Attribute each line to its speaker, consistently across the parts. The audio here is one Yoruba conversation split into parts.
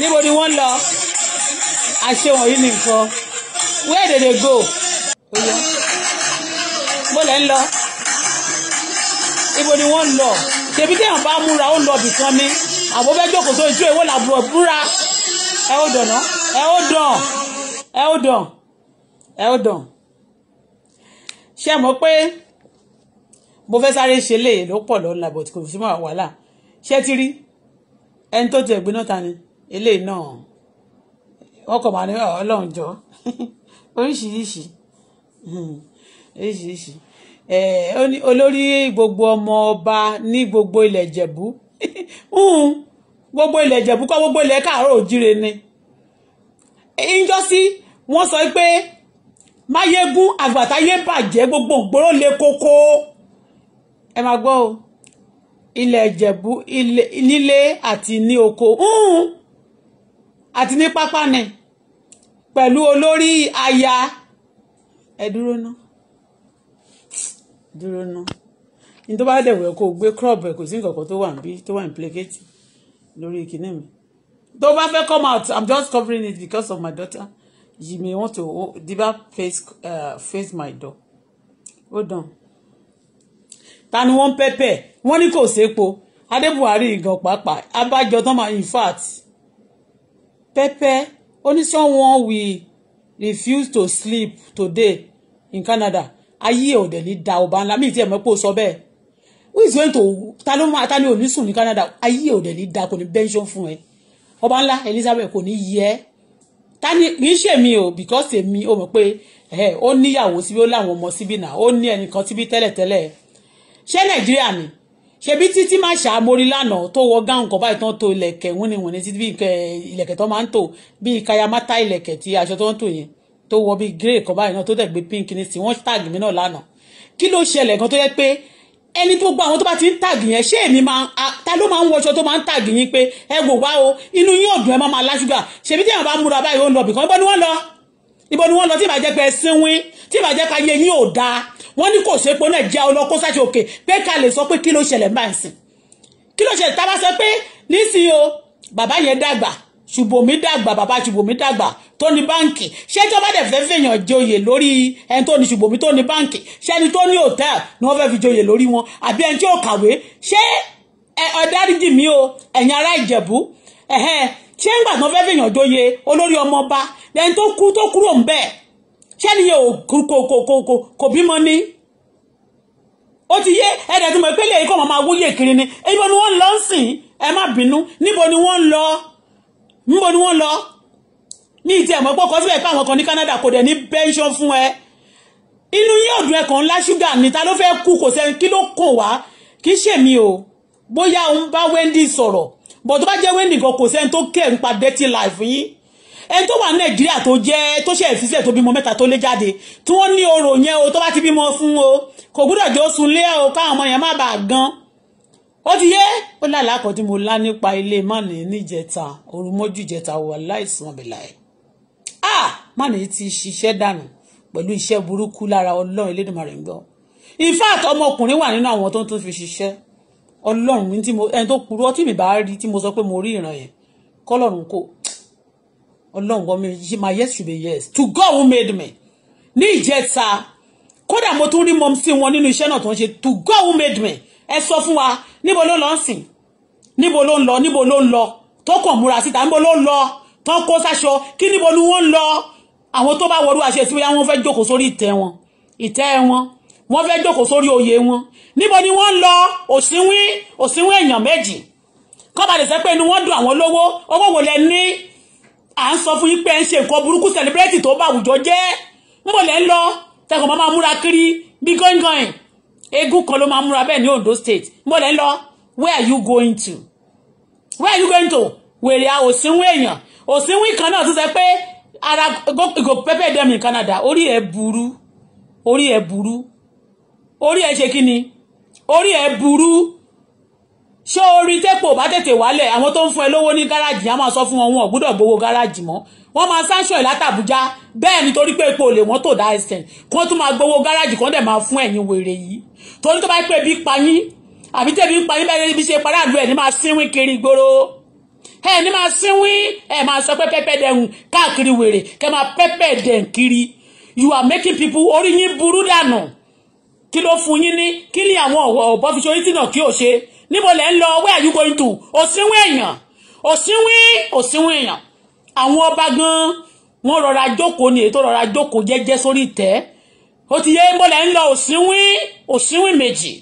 Speaker 1: níbo ni wọ́n lọ àṣẹ wọ̀nyí nìkan where did they go bó lẹ́ ń lọ ibo ni wọ́n lọ ṣèbí téèyàn bá múra ó lọ bìkan ni àbọ̀bẹ́ jókòó sórí ìṣó ìwọ làbúrò búra ẹ ó dọ̀nà ẹ ó dàn ẹ ó dàn ẹ ó dàn ṣé mọ̀ pé mo fẹ́ sáré ṣe léè ló pọ̀ lọ́la but kò sí mọ́ wàhálà ṣé ti rí ẹni tó ti ẹ̀gbin náà ta ni eléyìí náà wọ́n kọ̀ máa ní ọlọ́run jọ oríṣiríṣi hmm, oríṣiríṣi olórí gbogbo ọmọ ọba ní gbogbo ilẹ̀ Ìjẹ̀bú hmm, gbogbo ilẹ̀ Ìjẹ̀bú kọ́ gbogbo ilẹ̀ káàárọ̀ òjíire ni ìjọsí wọ́n sọ pé máyégún àgbàtáyé bàjẹ́ gbogbo ògbóró le koko ẹ máa gbọ́ o ilẹ̀ Ìjẹ̀bú nílé àti ní oko. Mm àti ní pápánẹ pẹ̀lú olórí aya ẹ dúró ná dúró ná ní tó bá dẹ̀ wẹ̀ kó o gbé crop ẹ̀ kò sí nǹkan kan tó wà níbí tó wà implicate lórí ìkíní mi tó bá fẹ́ come out i'm just covering it because of my daughter you may want to diba face uh, face my door hold on ta ni wọ́n pẹ́pẹ́ wọ́n ní kò sépo adé buhari gan pàápàá abájọ tán máa in fact Pepe, ó ní someone will refuse to sleep today in Canada ayé ẹ̀ ò dẹ̀ ní da ọba ńlá mi ì tí ẹ̀ mọ̀ pé ó sọ bẹ́ẹ̀ who is going to ta ló máa ta ni ò ní Canada ayé ẹ̀ ò dẹ̀ ní da kò ní pension fún ẹ ọba ńlá Elizabeth kò ní yẹ ta ni kì í ṣe mi o because èmi ò mọ̀ pé ẹ̀ ó níyàwó síbi ó láwọn ọmọ síbi náà ó ní ẹnìkan síbi tẹ́lẹ̀tẹ́lẹ̀ ṣé Nàìjíríà ni ṣebí títí máa ṣá mórí lánàá tó wọ gáwọn kan báyìí tán tó ilẹ̀kẹ̀ wúniwúni títí bí ilẹ̀kẹ̀ tó máa ń tò bí kayamata ilẹ̀kẹ̀ tí aṣọ tó ń tò yẹn tó wọ bí grey kan báyìí náà tó dẹ̀ gbé pink ní sí wọ́n tag mi náà lánàá kí ló ṣẹlẹ̀ kan tó yẹ pé ẹni tó gba àwọn tó bá ti ń tag yẹn ṣé èmi máa ta ló máa ń wọṣọ tó máa ń tag yín pé ẹ wò wá o inú yín ọ̀dùn ẹ má máa láṣúgà ṣèbí tí àwọn bá múra báyìí ó ń lọ bìkan bọ́ ni wọ́n lọ ibo ni wọ́n lọ tí ìbàjẹ́ pẹ́ ti tí ìbàjẹ́ ka yẹ yín ò dáa wọ́n ní kò sépo náà jẹ́ ọlọ́kó sáṣẹ òkè pé ká lè sọ pé kí ló ṣẹlẹ̀ máa ń sìn kí ló ṣẹlẹ̀ tá a bá sọ pé nísìnyí o bàbá yẹn dàgbà ṣùbòmí dàgbà bàbá ṣùbòmí dàgbà tó ní báǹkì ṣé tó bá dẹ̀ fẹ́ fèèyàn joyè lórí ẹni tó ní ṣùbòmí tó ní báǹkì ṣé ẹni tó ní hòtẹ́ẹ̀lì ni wọ́n fẹ́ fi joyè lórí wọn àbí ẹni tí ò kàwé ṣé ẹ ọ̀dáríjì mi o ẹ̀yin ará Ìjẹ̀bú ẹ̀hẹ́n ṣé ń gbà tán fẹ́ fèèyàn joyè olórí ọmọ ọba ẹni tó kú tó kúrò ń bẹ̀ ṣé nìyẹn kò kò kò kò kò bímọ ní. ó ti yé ẹ̀dẹ̀ tó mọ̀ pé lè kọ́ máa wúyè kiri ni ibo ni wọ́n lọ ń sìn ẹ má bínú níbo ni wọ́n lọ níbo ni wọ́n lọ ní ìtì ẹ̀mọ́ pọ́kọ́ síbẹ̀ pé àwọn kan ní Canada kò dẹ̀ ní pension fún ẹ inú yín ọ̀dùn ẹ̀kan ńlá ṣúgà ni ta ló fẹ́ kú kò sẹ́ni kí ló kàn wá kì í ṣèmi o bóyá òun bá Wendy sọ̀rọ̀ but tó bá jẹ́ wẹ́ndì kan kò sẹ́ni tó kẹ̀ nípa dirty life yín ẹni tó wà ní nàìjíríà tó jẹ́ tó ṣe ìfisẹ̀ tó bímọ mẹ́ta tó lé jáde tí wọ́n ní orò yẹn o tó bá ti bímọ fún o kò gbúdọ̀ jọ sun lé o káwọn ọmọ yẹn má bàa gan ó ti yé ó lálàá kan tí mo lá nípa ilé mánì níjẹta òrùmọ́jú ìjẹta wà láìsàn bìláì ah mánì ti ṣiṣẹ́ dànù pẹ̀lú iṣẹ́ burúkú lára ọlọ́run elédùnmarè ń gbọ́ in fact ọmọkùnrin wà nínú àwọn tó ń tún fi ṣiṣẹ́ ọlọ́run ní tí mo ẹni tó kúrú ọtí mi bá rí tí mo sọ pé mo rí ìran yẹn kọ́lọ́run kò ọlọ́run wọ́n mi my yes should be yes to God who made me ní ìjẹta kódà mo tún rí mọ́mísí wọn nínú iṣẹ́ náà tó ń ṣe to God who made me ẹ sọ fún wa níbo ló lọ ń sìn níbo ló ń lọ níbo ló ń lọ tó kàn múra síta níbo ló ń lọ tó ń kó sáṣọ kí níbo ni wọ́n ń lọ àwọn tó bá wọlú àṣẹ sí bóyá wọ́n fẹ́ jókòó sórí ìtẹ́ wọn ìtẹ́ wọn wọ́n fẹ́ jókòó sórí oyè wọn níbo ni wọ́n lọ òsínwín òsínwín èèyàn méjì kọ́ba lè sẹ́ pé inú wọ́n dùn àwọn lówó owó wo lẹ ní à ń sọ fún yín pé ẹ ń ṣe nǹkan burúkú sẹlẹbírẹ́tì tó bá àwùjọ jẹ́ níbo lẹ ń lọ tẹkọ̀ máa múra kiri bí gọ́ngọ́n eégún kan ló máa múra bẹ́ẹ̀ ní Ondo State níbo lẹ ń lọ where are you going to where are you going to wèrè òsínwín èèyàn òsínwín kan náà tún sẹ pé ara ìgò pẹ́pẹ́ dẹ́mi Canada orí ẹ̀ burú orí ẹ̀ burú orí ẹ ṣe kí ni orí ẹ burú ṣé orí tẹ́pọ̀ bá tètè wálẹ̀ àwọn tó ń fún ẹ lówó ní gáràjì á máa sọ fún wọn wọn ò gbúdọ̀ gbowó gáràjì mọ́ wọ́n máa sanṣọ ìlátàbújá bẹ́ẹ̀ nítorí pé epo lè wọ́n tó dá ẹsẹ̀ kí wọ́n tún máa gbowó gáràjì kan dẹ̀ máa fún ẹ̀yin wèrè yìí torí tó bá pẹ́ bí payín àbí tẹ̀bí payín bẹ́ẹ̀ níbi ṣe paráàlú ẹ̀ ní máa sínwín kiri gbòòrò ẹ̀ ní máa sínwín ẹ̀ máa sọ pé pẹ́pẹ́ dẹ̀hùn káàkiri wèrè kẹ́ máa pẹ́pẹ́ dẹ̀ kiri you are making people orí yín burú dànù. No kí ló fún yín ní kí ni àwọn ọ̀bọ fi ṣorí tìǹà kí ò ṣe níbo lẹ́ ń lọ where are you going to òsínwó èèyàn òsínwí òsínwó èèyàn àwọn ọba gan wọ́n rọra jókòó ni ètò rọra jókòó jẹ́jẹ́ sórí ìtẹ́ ó ti yé mo lẹ́ ń lọ òsínwí òsínwí méjì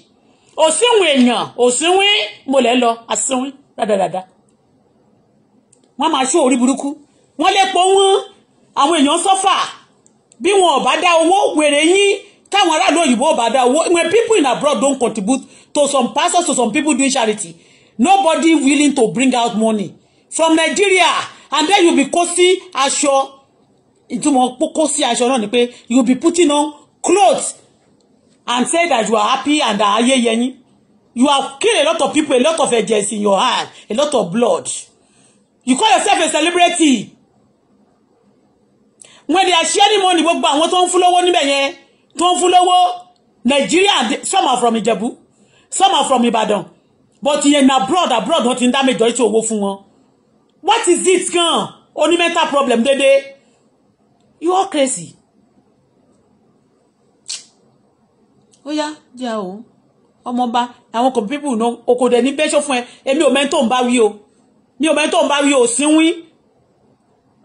Speaker 1: òsínwó èèyàn òsínwí mo lẹ́ ń lọ àsínwí dáadáa wọ́n máa ṣó orí burúkú wọ́n lè pọ̀ wọ́n àwọn èèyàn sọ́fà bí wọn ò bá dá owó wèrè yín táwọn aráàlú òyìnbó bá dá owó when people in abroad don contribute to some pastors to some people doing charity nobody willing to bring out money from Nigeria and then you be kó sí aṣọ ìtumọ̀ kó sí aṣọ náà ni pé you be putting on clothes and say that you are happy and ayeyeyin you have killed a lot of people a lot of edges in your hand a lot of blood you call yourself a celebrity when they are sharing money gbogbo àwọn tó ń fún lọ́wọ́ níbẹ̀ yẹn tó ń fún lówó Nigeria some are from Ìjẹ̀bú some are from Ìbàdàn but ìyẹn na abroad abroad wọn ti ń dá méjọ ètò owó fún wọn what is it gan ó mental problem dédé you all crazy ó yá jẹ́ àwọn ọmọọba àwọn kò pípù náà okòdè ní bẹ́ṣọ́ fún ẹ èmi ò mẹ́tò ń bá wí o mi ò mẹ́tò ń bá wí o òsínwín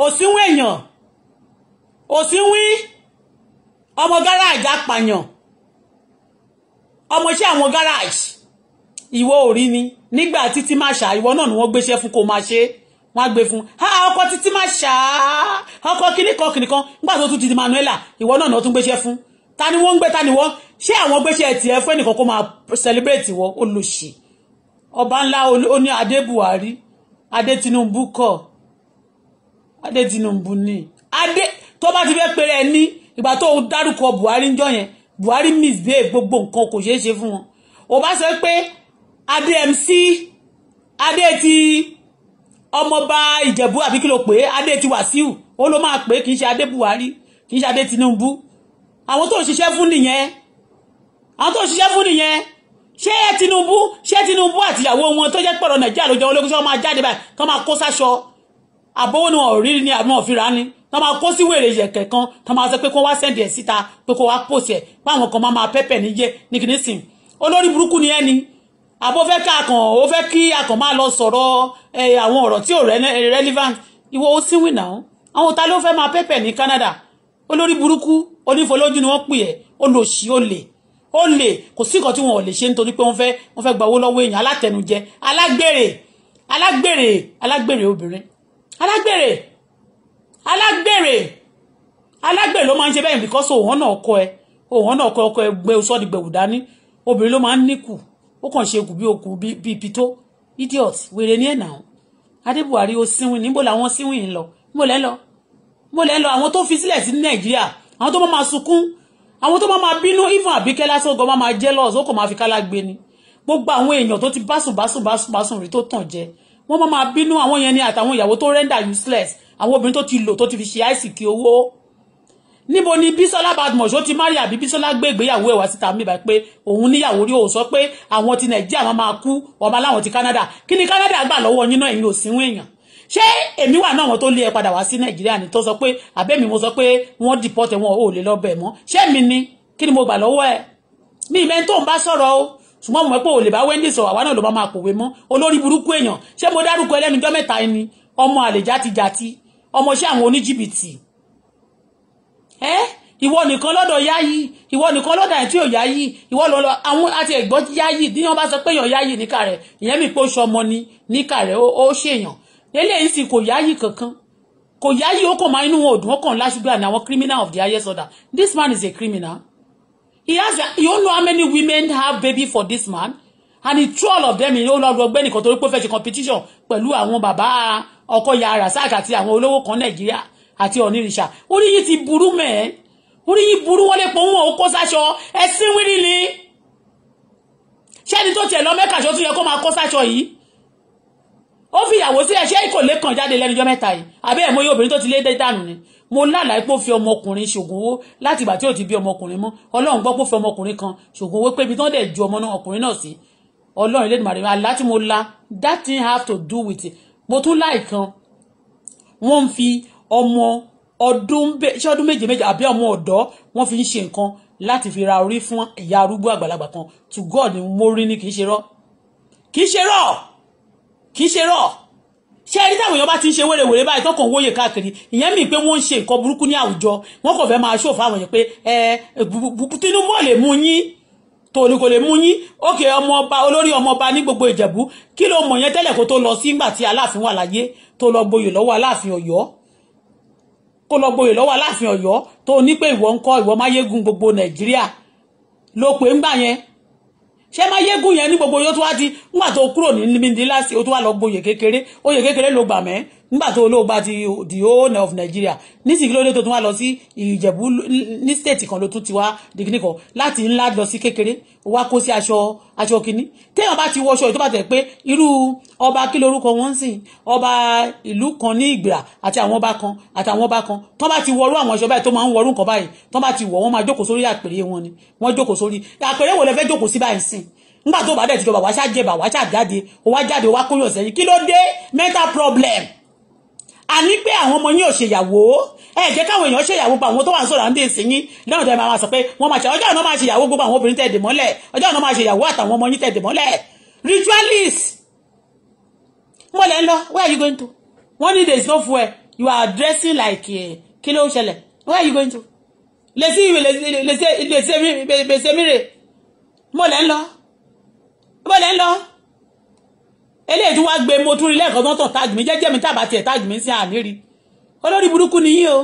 Speaker 1: òsínwín èèyàn òsínwín ọmọ gáràjì apàyàn ọmọọṣẹ́ àwọn gáràjì ìwọ ò ni nígbà títí máa ṣá ìwọ náà ni wọ́n gbéṣẹ́ fún kó máa ṣe wọ́n gbé fún ọkọ títí máa ṣá ọkọ kìnìkan kìnìkan nígbà tó tún ti di Manuela ìwọ náà ni wọ́n tún gbéṣẹ́ fún ta ni wọ́n ń gbé ta ni wọ́n ṣé àwọn gbéṣẹ́ tiẹ̀ fún ẹnìkan kó máa celebrate wọ́n olùṣì ọba ńlá oní adé Buhari adé Tinubu kọ adé Tinubu ni adé tó bá ti fẹ́ pèrè ní ìgbà tó o dárúkọ Buhari ń jọ yẹn Buhari misbehave gbogbo nǹkan kò ṣeé ṣe fún wọn ò bá sọ pé adé MC adé ti ọmọọba Ìjẹ̀bú àbí kí ló pé adé ti Wàsíù ó ló máa pé kì í ṣe adé Buhari kì í ṣe adé Tinubu àwọn tó ń ṣiṣẹ́ fún nìyẹn àwọn tó ń ṣiṣẹ́ fún nìyẹn ṣé Tinubu ṣé Tinubu àtìyàwó wọn tó jẹ́ pọ̀rọ̀ Nàìjíríà ló jẹ́ ológun tí máa jáde báyìí kí wọ́n máa kó sáṣọ àbówó ni wọn ò rí ni àbí wọn ò fi rà tọ́ máa kó sí wèrè yẹ̀kẹ̀ kan tọ́ máa sọ pé kó wá sẹ́ndì ẹ̀ síta pé kó wá pòsì ẹ̀ báwọn kan máa máa pẹ́pẹ́ níjẹ́ ní kìíní sìn olórí burúkú ni ẹni àbó fẹ́ ká kàn ó fẹ́ kí akàn máa lọ sọ̀rọ̀ àwọn ọ̀rọ̀ tí ò relevant ìwọ ó síwìn náà àwọn ta ló fẹ́ máa pẹ́pẹ́ ní Canada olórí burúkú onífolójú ni wọ́n pè ẹ́ olòṣì olè olè kò sí nǹkan tí wọn ò lè ṣe nítorí pé wọ́n fẹ́ wọ́n fẹ́ gba owó lọ́wọ́ èèyàn alátẹnujẹ alágbèrè alágbèrè alágbèrè obìnrin alágbèrè alágbèrè alágbèrè ló máa ń ṣe bẹ́ẹ̀ because òun náà kọ ẹ òun náà kọ ọkọ ẹ gbé sọ́ọ́dì gbẹ̀wò dání obìnrin ló máa ń níkù ó kàn ṣe kù bí okùn bíi pitó idiot wèrè ní ẹ̀nà adébùhárí ó síwìn níbo làwọn síwìn ń lọ níbo lẹ́ ń lọ níbo lẹ́ ń lọ àwọn tó fi sílẹ̀ sí nàìjíríà àwọn tó máa máa sunkún àwọn tó máa máa bínú even àbíkẹ́ lásán gan máa máa jealous ó kàn máa fi kálá gbé ni gbogbo àwọn èèyàn tó ti básùn básùn básùn básùn rí tó tàn jẹ wọ́n máa máa bínú àwọn yẹn ni àtàwọn ìyàwó tó render useless àwọn obìnrin tó ti lò tó ti fi ṣe àìsìkì owó níbo ni Bísọ́lá Badmus ó ti má rí àbí Bísọ́lá gbé ìgbéyàwó ẹ̀ wá síta mi báyìí pé òun níyàwó rí òun sọ pé àwọn ti Nàìjíríà máa máa kú ọmọ aláwọn ti Canada kí ni Canada gbà lọ́wọ́ yín náà ẹ̀yin ò sínú èèyàn ṣé èmi wà náà wọn tó lé ẹ padà wá sí Nàìjíríà ni tó sọ pé àbẹ́mi mo sọ pé wọ́n dìpọ́tì wọn ò lè lọ mọ́ ṣé mi ni kí ni mo gbà lọ́wọ́ ẹ̀ mi ìmẹ́ tó ń bá sọ̀rọ̀ o ṣùgbọ́n mo mọ̀ pé ò lè bá Wendy sọ̀rọ̀ àwa náà ló bá máa pòwe mọ́ olórí burúkú èèyàn ṣé mo dárúkọ ẹlẹ́nujọ́ mẹ́ta ẹni ọmọ àlèjátijàti ọmọọṣẹ́ àwọn oníjìbìtì ẹ ìwọ nìkan lọ́dọ̀ yáyí ìwọ nìkan lọ́dọ̀ àti òyáyí ìwọ lọ́dọ̀ àwọn àti ẹ̀gbọ́n yáyí bí wọ́n bá sọ pé èèyàn yáyí níkà rẹ̀ ìyẹn mi pé ó ṣọmọ ni níkà rẹ̀ ó ṣèyàn eléyìí sì kò yáyí kankan kò yáyí ó kàn máa inú wọn òdùn ó kàn láṣùgbà ní àwọn criminal of the highest order this man is a criminal he has you know how many women have baby for this man and he throw all of them in ó lọ rọgbẹ́ nìkan torí pé ó fẹ́ ṣe competition pẹ̀lú àwọn bàbá ọkọ ya rasak àti àwọn olówó kan nàìjíríà àti onírìṣà orí yìí ti burú mẹ́ẹ̀ orí yìí burú wọlé pọ̀ ń wọ̀ ó kó sáṣọ ẹ̀sìn wíní ni ṣẹ́ni tó tiẹ̀ lọ mẹ́kàṣọ́ tún yẹ kó máa kó sáṣọ yìí ó fi ìyàwó sílẹ̀ ṣé kò lè kàn jáde lẹ́nujọ́ mẹ́ta yìí àbí ẹ̀mọ́ yóò obìnrin tó ti lé dẹ́dánù ni mo lálàá pé ó fi ọmọkùnrin ṣògùn owó láti ìgbà tí ò ti bí ọmọkùnrin mọ́ ọlọ́run gbọ́ pé ó fi ọmọkùnrin kan ṣògùn owó pé ibi tí wọ́n dẹ̀ ju ọmọ náà ọkùnrin náà sí ọlọ́run lẹ́nu màrí àlá tí mo la that thing have to do with it mo tún láìkan wọ́n ń fi ọmọ ọdún ṣé ọdún méje méje àbí ọmọ ọ̀dọ́ wọ́n fi ń ṣe nǹkan láti fi ra orí fún ìyá arúgbó àgbàlagbà kan to God ni mo rí ni kì í ṣe rọ́ kì í ṣe rọ́ kì í ṣe rọ́ ṣé ẹni táwọn èèyàn bá ti ń ṣe wèrèwèrè báyìí tó kàn wóye káàkiri ìyẹn mi pé wọ́n ń ṣe nǹkan burúkú ní àwùjọ wọ́n kàn fẹ́ máa ṣòfò àwọn èèyàn pé ẹ Tinubu lè mú yín tó ní kò lè mú yín òkè ọmọ ọba olórí ọmọ ọba ní gbogbo ìjẹ̀bú kí ló mọ̀ yẹn tẹ́lẹ̀ kó tó lọ sí ńgbà tí aláàfin wà láyé tó lọ gboyè lọ́wọ́ aláàfin ọ̀yọ́ kó lọ gboyè lọ́wọ́ aláàfin ọ̀yọ́ tó ní pé ìwọ ń kọ́ ìwọ máyégún gbogbo nàìjíríà ló pè ńgbà yẹn ṣé máyégún yẹn ní gbogbo yóò tó wá di ńgbà tó kúrò ní níbi láti ó tó wá lọ gboyè kékeré oyè kékeré ló gbà mẹ́ nígbà tó olóògbà ti the owner of Nigeria nísìnyí ló dé tó tún wá lọ sí ìjẹ̀bú ní state kan ló tún ti wá dìgínì kan láti ńlá lọ sí kékeré ó wá kó sí aṣọ aṣọ kínní téèyàn bá ti wọṣọ ìtọ́ bá tẹ̀ pé irú ọba kí lorúkọ wọn ń sìn ọba ìlú kan ní ìgbìrà àti àwọn ọba kan àti àwọn ọba kan tán bá ti wọrú àwọn aṣọ báyìí tó máa ń wọrú nǹkan báyìí tán bá ti wọ̀ wọ́n máa jókòó sórí àpèrè wọn ni wọ́n jókòó sórí àpèrè wo lẹ fẹ́ jókòó sí báyìí sìn nígbà tó bá dẹ̀ ti jọba wàá ṣáà jẹba wàá ṣáà jáde ó wá jáde ó wá kóyọ̀ sẹ́yìn kí ló dé mental problem a ní pé àwọn ọmọ yín ò ṣèyàwó ẹ jẹ́ káwọn èèyàn ṣèyàwó gba àwọn tó wà ń sọ̀rọ̀ à ń dé sí yín lọ́nà tẹ́ máa sọ pé wọ́n máa ṣe ọjọ́ àná máa ṣèyàwó gbogbo àwọn obìnrin tẹ̀dẹ̀ mọ́lẹ̀ ọjọ́ àná máa ṣèyàwó àtàwọn ọmọ yín tẹ̀dẹ̀ mọ́lẹ̀ ritualist mo lẹ́ ń lọ where are you going to One day there is no fuel you are dressing like eh, kí ló ń ṣẹlẹ̀ where are you going to lèsì ìwé lèsì mire mo lẹ́ ń lọ mo lẹ́ ń lọ eléyìí tí wàá gbé mo tún rí lẹ́ẹ̀kan mọ́tò táàgì mi jẹ́jẹ́ mi tàbá tiẹ̀ táàgì mi sí àníri olórí burúkú ni yín o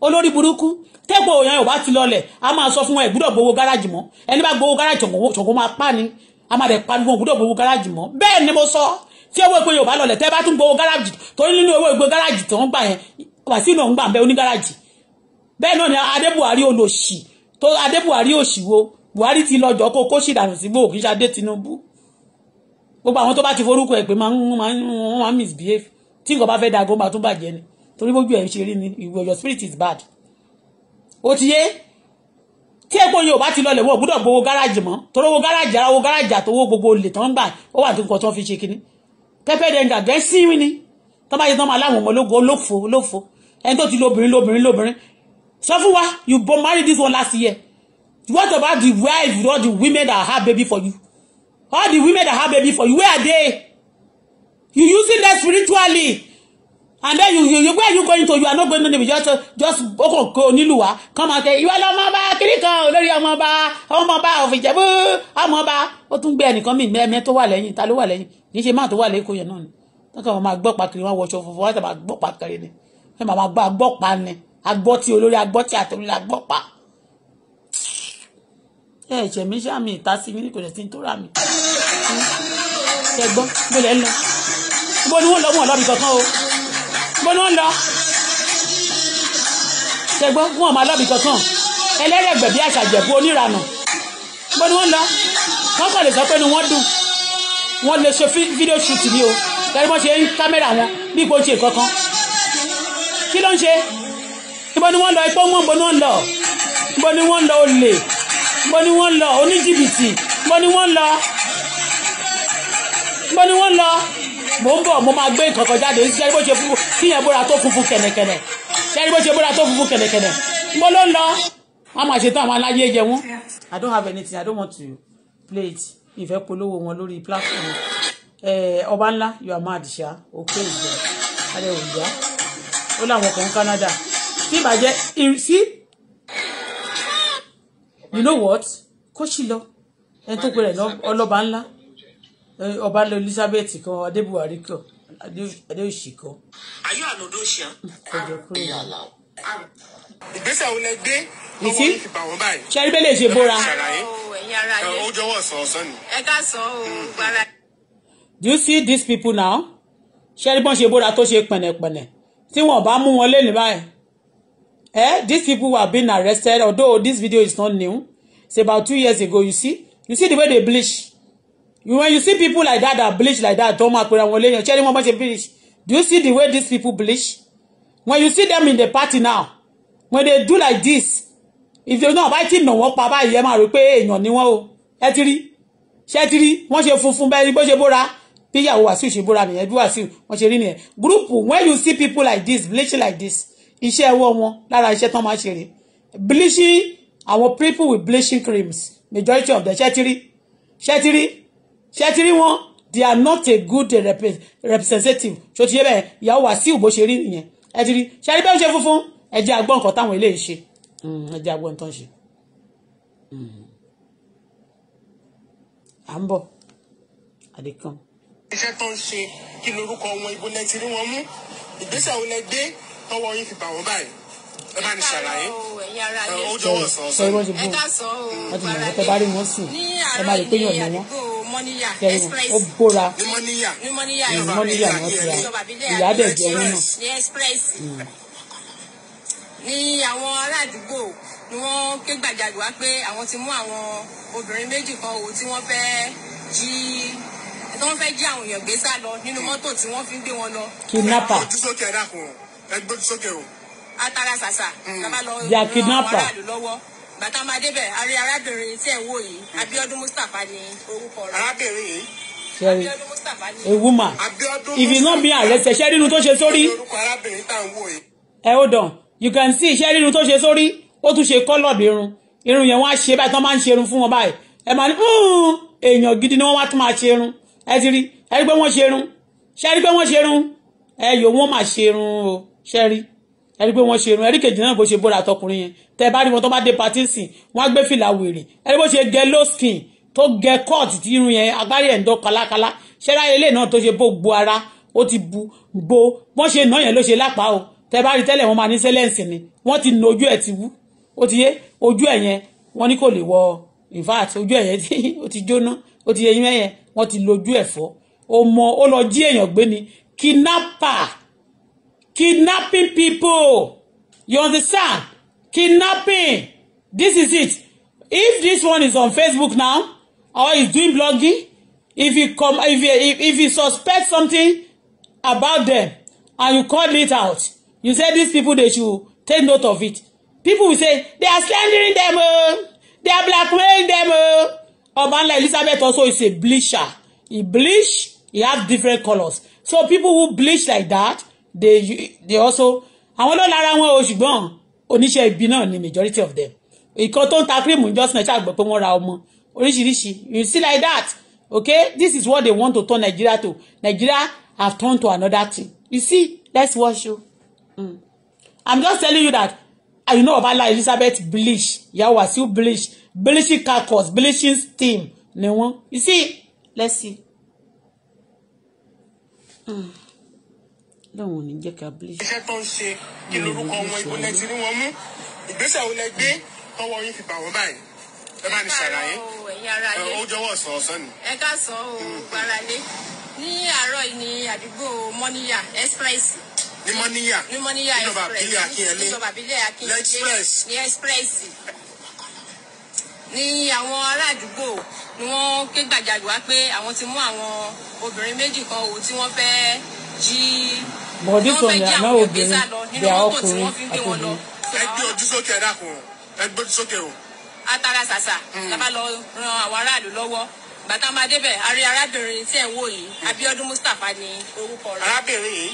Speaker 1: olórí burúkú tẹ́gbọ̀ òyàn ò bá ti lọlẹ̀ a máa sọ fún wọn ìgbúdọ̀ gbowó gáràjì mọ́ ẹni bá gbowó gáràjì ṣògo máa pa ni a máa dẹ̀ pariwo ìgbúdọ̀ gbowó gáràjì mọ́ bẹ́ẹ̀ ni mo sọ tí owó ìpè yóò bá lọlẹ̀ tẹ́ bá tún gbowó gáràjì torí nínú owó ìgbó gáràjì tó ń gbà yẹn wàsíù náà ń gbà bẹ́ẹ̀ onígáràjì bẹ́ẹ̀ náà ni adé buhari olòṣì tó adé buhari òṣìwò buhari ti lọ́jọ́ kó kó ṣìdànù sígbó òkìṣadé tinubu gbogbo àwọn tó bá ti forúkọ ẹ̀ pé wọ́n máa ń misbehave tí nǹkan bá fẹ́ dàgbọ́n bá tún bàjẹ́ ni torí bójú ẹ̀ ń ṣe rí ni your spirit is bad ó ti yé tí epo yóò bá ti lọlẹ̀ wọ́n gbọ́dọ̀ gbowó gáràjì mọ́ torí owó gáràjì ara owó gáràjì àtọwọ́ gbogbo olè tán ń gbà ó wà tó nǹkan tó ń fi ṣe kinní pẹ́pẹ́ dẹ́ngà gẹ́sí ni tán bá yẹ tán máa láwọn ọmọ ológo olófo olófo ẹni tó ti lóbìnrin lóbìnrin lóbìnrin sọ fún wa you born marry this one last year what about the wife or the women that have baby for you all the women that have baby for you where are they you using them spiritually and then you, you, you where you going to you are not going to be just just oko ko nílùwà come out ìwà lọmọ ọba kiri kan olórí ọmọ ọba ọmọ ọba òfìjẹbú ọmọ ọba ó tún gbé ẹnìkan mi mẹ́ẹ̀mẹ́ tó wà lẹ́yìn ta ló wà lẹ́yìn kì í ṣe máa tó wà lẹ́kọ̀ọ́ yẹn náà ni tọ́ka wọn máa gbọ́ pàkiri wọn wọṣọ funfun wọn máa gbọ́ pàkiri ni ẹ máa gbọ́ agbọ́ pa ni agbọ́ tí olórí agbọ́ tí àtòrí agbọ́ pa. ẹ ẹ̀ṣẹ̀ mi ṣáà mi ìta sí mi kò dẹ̀ sí ní tó rà ṣẹgbọ́n bó lẹ́ lọ bó ni wọ́n lọ wọn lọ́bì kankan o bó ni wọ́n lọ ṣẹgbọ́n wọn máa lọ́bì kankan ẹlẹ́rẹ̀gbẹ̀ bí àṣàjẹ̀bú oníranà bó ni wọ́n lọ wọ́n kàn lè sọ pé ni wọ́n dùn wọ́n lè ṣe fídíò ṣùtì ni o lẹ́yìn bó ṣe ń kámẹ́rà wọn bí kò ṣe kankan kí ló ń ṣe ibo ni wọ́n lọ ipò wọn ibo ni wọ́n lọ ibo ni wọ́n lọ olè ibo ni wọ́n lọ oníjìbìtì ibo ni wọ́n lọ mo ní wọ́n lọ mo ń bọ̀ mo máa gbé nǹkan kan jáde ṣe bó ṣe funfun kí yẹn bóra tó funfun kẹ̀nẹ̀kẹ̀nẹ̀ ṣe bó ṣe bóra tó funfun kẹ̀nẹ̀kẹ̀nẹ̀ mo ló ń lọ wọ́n máa ṣe tán àwọn aláyé jẹ wọ́n. I don't have anything I don't want to play it ìfẹ́ polówó wọn lórí platform ọba ńlá you are mad ṣá òkè ìjọ alẹ́ òjá ó láwọn kan Canada tí ìbàjẹ́ sí you know what kó ṣì lọ ẹni tó pe rẹ̀ ọlọ́ba ńlá ọbalẹ elizabeth kan adébùwárí kan adéòsì kan. ayọ̀ àná ló ṣe án. ìgbésẹ̀ wo lẹ gbé ìsí ṣẹ́ríbẹ́ lè ṣe bóra. ó jọ̀wọ́ sọ ọ̀sán ni.
Speaker 2: ẹ ká sọ o mm-hmm. gbára.
Speaker 1: do you see these people now? ṣẹ́ríbọ́n ṣe bóra tó ṣe pẹ̀nẹ̀pẹ̀nẹ̀ tí wọ́n bá mú wọn lẹ́nu báyìí. Eh, these people were being arrested although this video is not new. It's about two years ago you see you see the way they bleach when you see people like that that bleach like that don't matter. pera wọn léèyàn ṣé ni wọ́n bá ṣe bleach do you see the way these people bleach when you see them in the party now when they do like this if they náà about ti nà wọ́n pa báyìí ẹ máa rò pé èèyàn ni wọ́n o ẹ ti rí ṣé ti rí wọ́n ṣe funfun bẹ́ẹ̀ ni bó ṣe bóra bí ìyàwó Wàsíù ṣe bóra nìyẹn bí Wàsíù wọ́n ṣe rí nìyẹn group when you see people like this bleaching like this iṣẹ́ ẹwọ́ wọn lára iṣẹ́ tán máa ṣe rè bleaching our people with bleaching creams majority of them ṣé ti rí ṣé ti rí ṣe ti rí wọn they are not a good eh, representative ṣó ti yé bẹ́ẹ̀ ìyàwó Wàsíù bó ṣe rí nìyẹn ẹ ti rí ṣe àrí bẹ́ẹ̀ ń ṣe funfun ẹ jẹ́ àgbọ̀n nǹkan táwọn eléyìí ṣe mm, ẹ jẹ́ àgbọ̀n nǹkan ṣe. Mm. à ń bọ̀ àdìkan.
Speaker 2: iṣẹ́ tó ń ṣe kí lorúkọ wọn ìbọn ẹ rí wọn mú ìgbésẹ̀ àwọn ẹgbẹ́ tọwọ́ yín fi bà wọ́n báyìí ẹ bá ní ṣàlàyé ó jọ̀wọ́ sọ sọ ẹ ká sọ ọ bàrà ní ní àárọ̀ ní àdúgbò
Speaker 1: mọ́níyà ó bóra
Speaker 2: mọ́níyà mọ́níyà mọ́níyà ni ti ra
Speaker 1: ìyá dẹ̀ jẹ́ wọn
Speaker 2: náà ní àwọn ará ni wọ́n ké gbàjarè wá pé àwọn ti mú àwọn obìnrin méjì kan òwò tí wọ́n fẹ́ jí tí wọ́n fẹ́ jí àwọn èèyàn gbé sá lọ nínú mọ́tò tí wọ́n fi ń gbé wọn lọ. kidnapper. ẹ gbójú sókè dákun ẹ gbójú sókè o atara sàṣà làbá mm. lọ ran àwọn aráàlú bàtà máa débẹ̀ àrí arábìnrin tí ẹ̀ wò yìí mm. Abíọ́dún Mustapha ni orúkọ rẹ̀. arábìnrin yìí
Speaker 1: sẹ́rí a woman if you no be arrested ṣé rírun tó ṣe sórí ẹ hold on you can see ṣé rírun tó ṣe sórí ó tún ṣe colour irun irun yẹn wọ́n á ṣe báyìí tán máa ń ṣerun fún wọn báyìí ẹ máa ní hmm, èèyàn gidi ni wọ́n wá tún máa ṣerun ẹ ti rí ẹ rí pé wọ́n ṣerun ṣé rí pé wọ́n ṣerun ẹ yòó wọ́n máa ṣerun o ṣé rí ẹ rí pé wọ́n ṣe irun ẹ rí kejì náà bó ṣe bóra tọkùnrin yẹn tẹ bá rí wọn tó bá dé patí sìn wọ́n á gbé fìlà wèrè ẹ rí bó ṣe gẹ low skin tó gẹ cut tí irun yẹn agbárí ẹ̀ ń dán kálákálá ṣẹ́ra ilé náà tó ṣe bó gbo ara ó ti bu bo wọ́n ṣe náà yẹn ló ṣe lápá o tẹ bá rí tẹ́lẹ̀ wọ́n máa ní sẹ́lẹ̀nsì ni wọ́n ti nu ojú ẹ̀ ti wú ó ti yé ojú ẹ̀ yẹn wọ́n ní kò lè wọ in ojú ẹ̀ yẹn ó ti jóná ó ti yẹ yín mẹ́yẹn wọ́n ti lo ojú ẹ̀ fọ́ ó mọ ó lọ jí èèyàn gbé ni kidnapper kidnapping people you understand kidnapping this is it if this one is on Facebook now or is doing blogging if you come if you if, if you suspect something about them and you call it out you say these people they should take note of it people will say they are slandering them oh they are blackmailing them oh Obanla like Elizabeth also is a bleacher he bleach he have different colors so people who bleach like that they they also àwọn ló lára wọn o ṣùgbọ́n oníṣẹ́ ibi náà ni majority of them ìkan tó ń ta cream just náà ṣàgbọ́ pé wọ́n ra ọmọ oríṣiríṣi you see like that okay this is what they want to turn Nigeria to Nigeria have turned to another thing you see let's watch you mm. I'm just telling you that I you know like Elizabeth bleach ìyá Wasiu bleach bleaching carcass bleaching steam ni wọn you see let's see. Mm lọ́wọ́n ò ní jẹ́ iṣẹ́ tó ń ṣe kí lorúkọ wọn ìbò lẹ ti rí wọn mú ìgbésẹ̀ wo lẹ gbé tọwọ́ yín fi bà wọ́n
Speaker 2: báyìí ẹ bá ní ṣàlàyé ó jọ̀wọ́ ọ̀sán ọ̀sán ni. ẹ ká sọ ọ́ gbáralé ní àárọ̀ ní àdúgbò mọ́níyà express ní mọ́níyà ní mọ́níyà express ní express ní àwọn ará àdúgbò ni wọ́n ké gbàjarè pé àwọn ti mú àwọn obìnrin méjì kan òun tí wọ́n fẹ́ẹ́ jí
Speaker 1: but this one na now obìnrin they are ọkùnrin àtòbìnrin. ẹ
Speaker 2: gbé ojú sókè dákun ẹ gbé ojú sókè o. atara sàṣà la lọ ran àwọn aráàlú lọ́wọ́ bàtà máa débẹ̀ arí arábìnrin tí ẹ̀ wò yìí hmm. Abíọ́dún Mustapha ni orúkọ rẹ̀. arábìnrin yìí.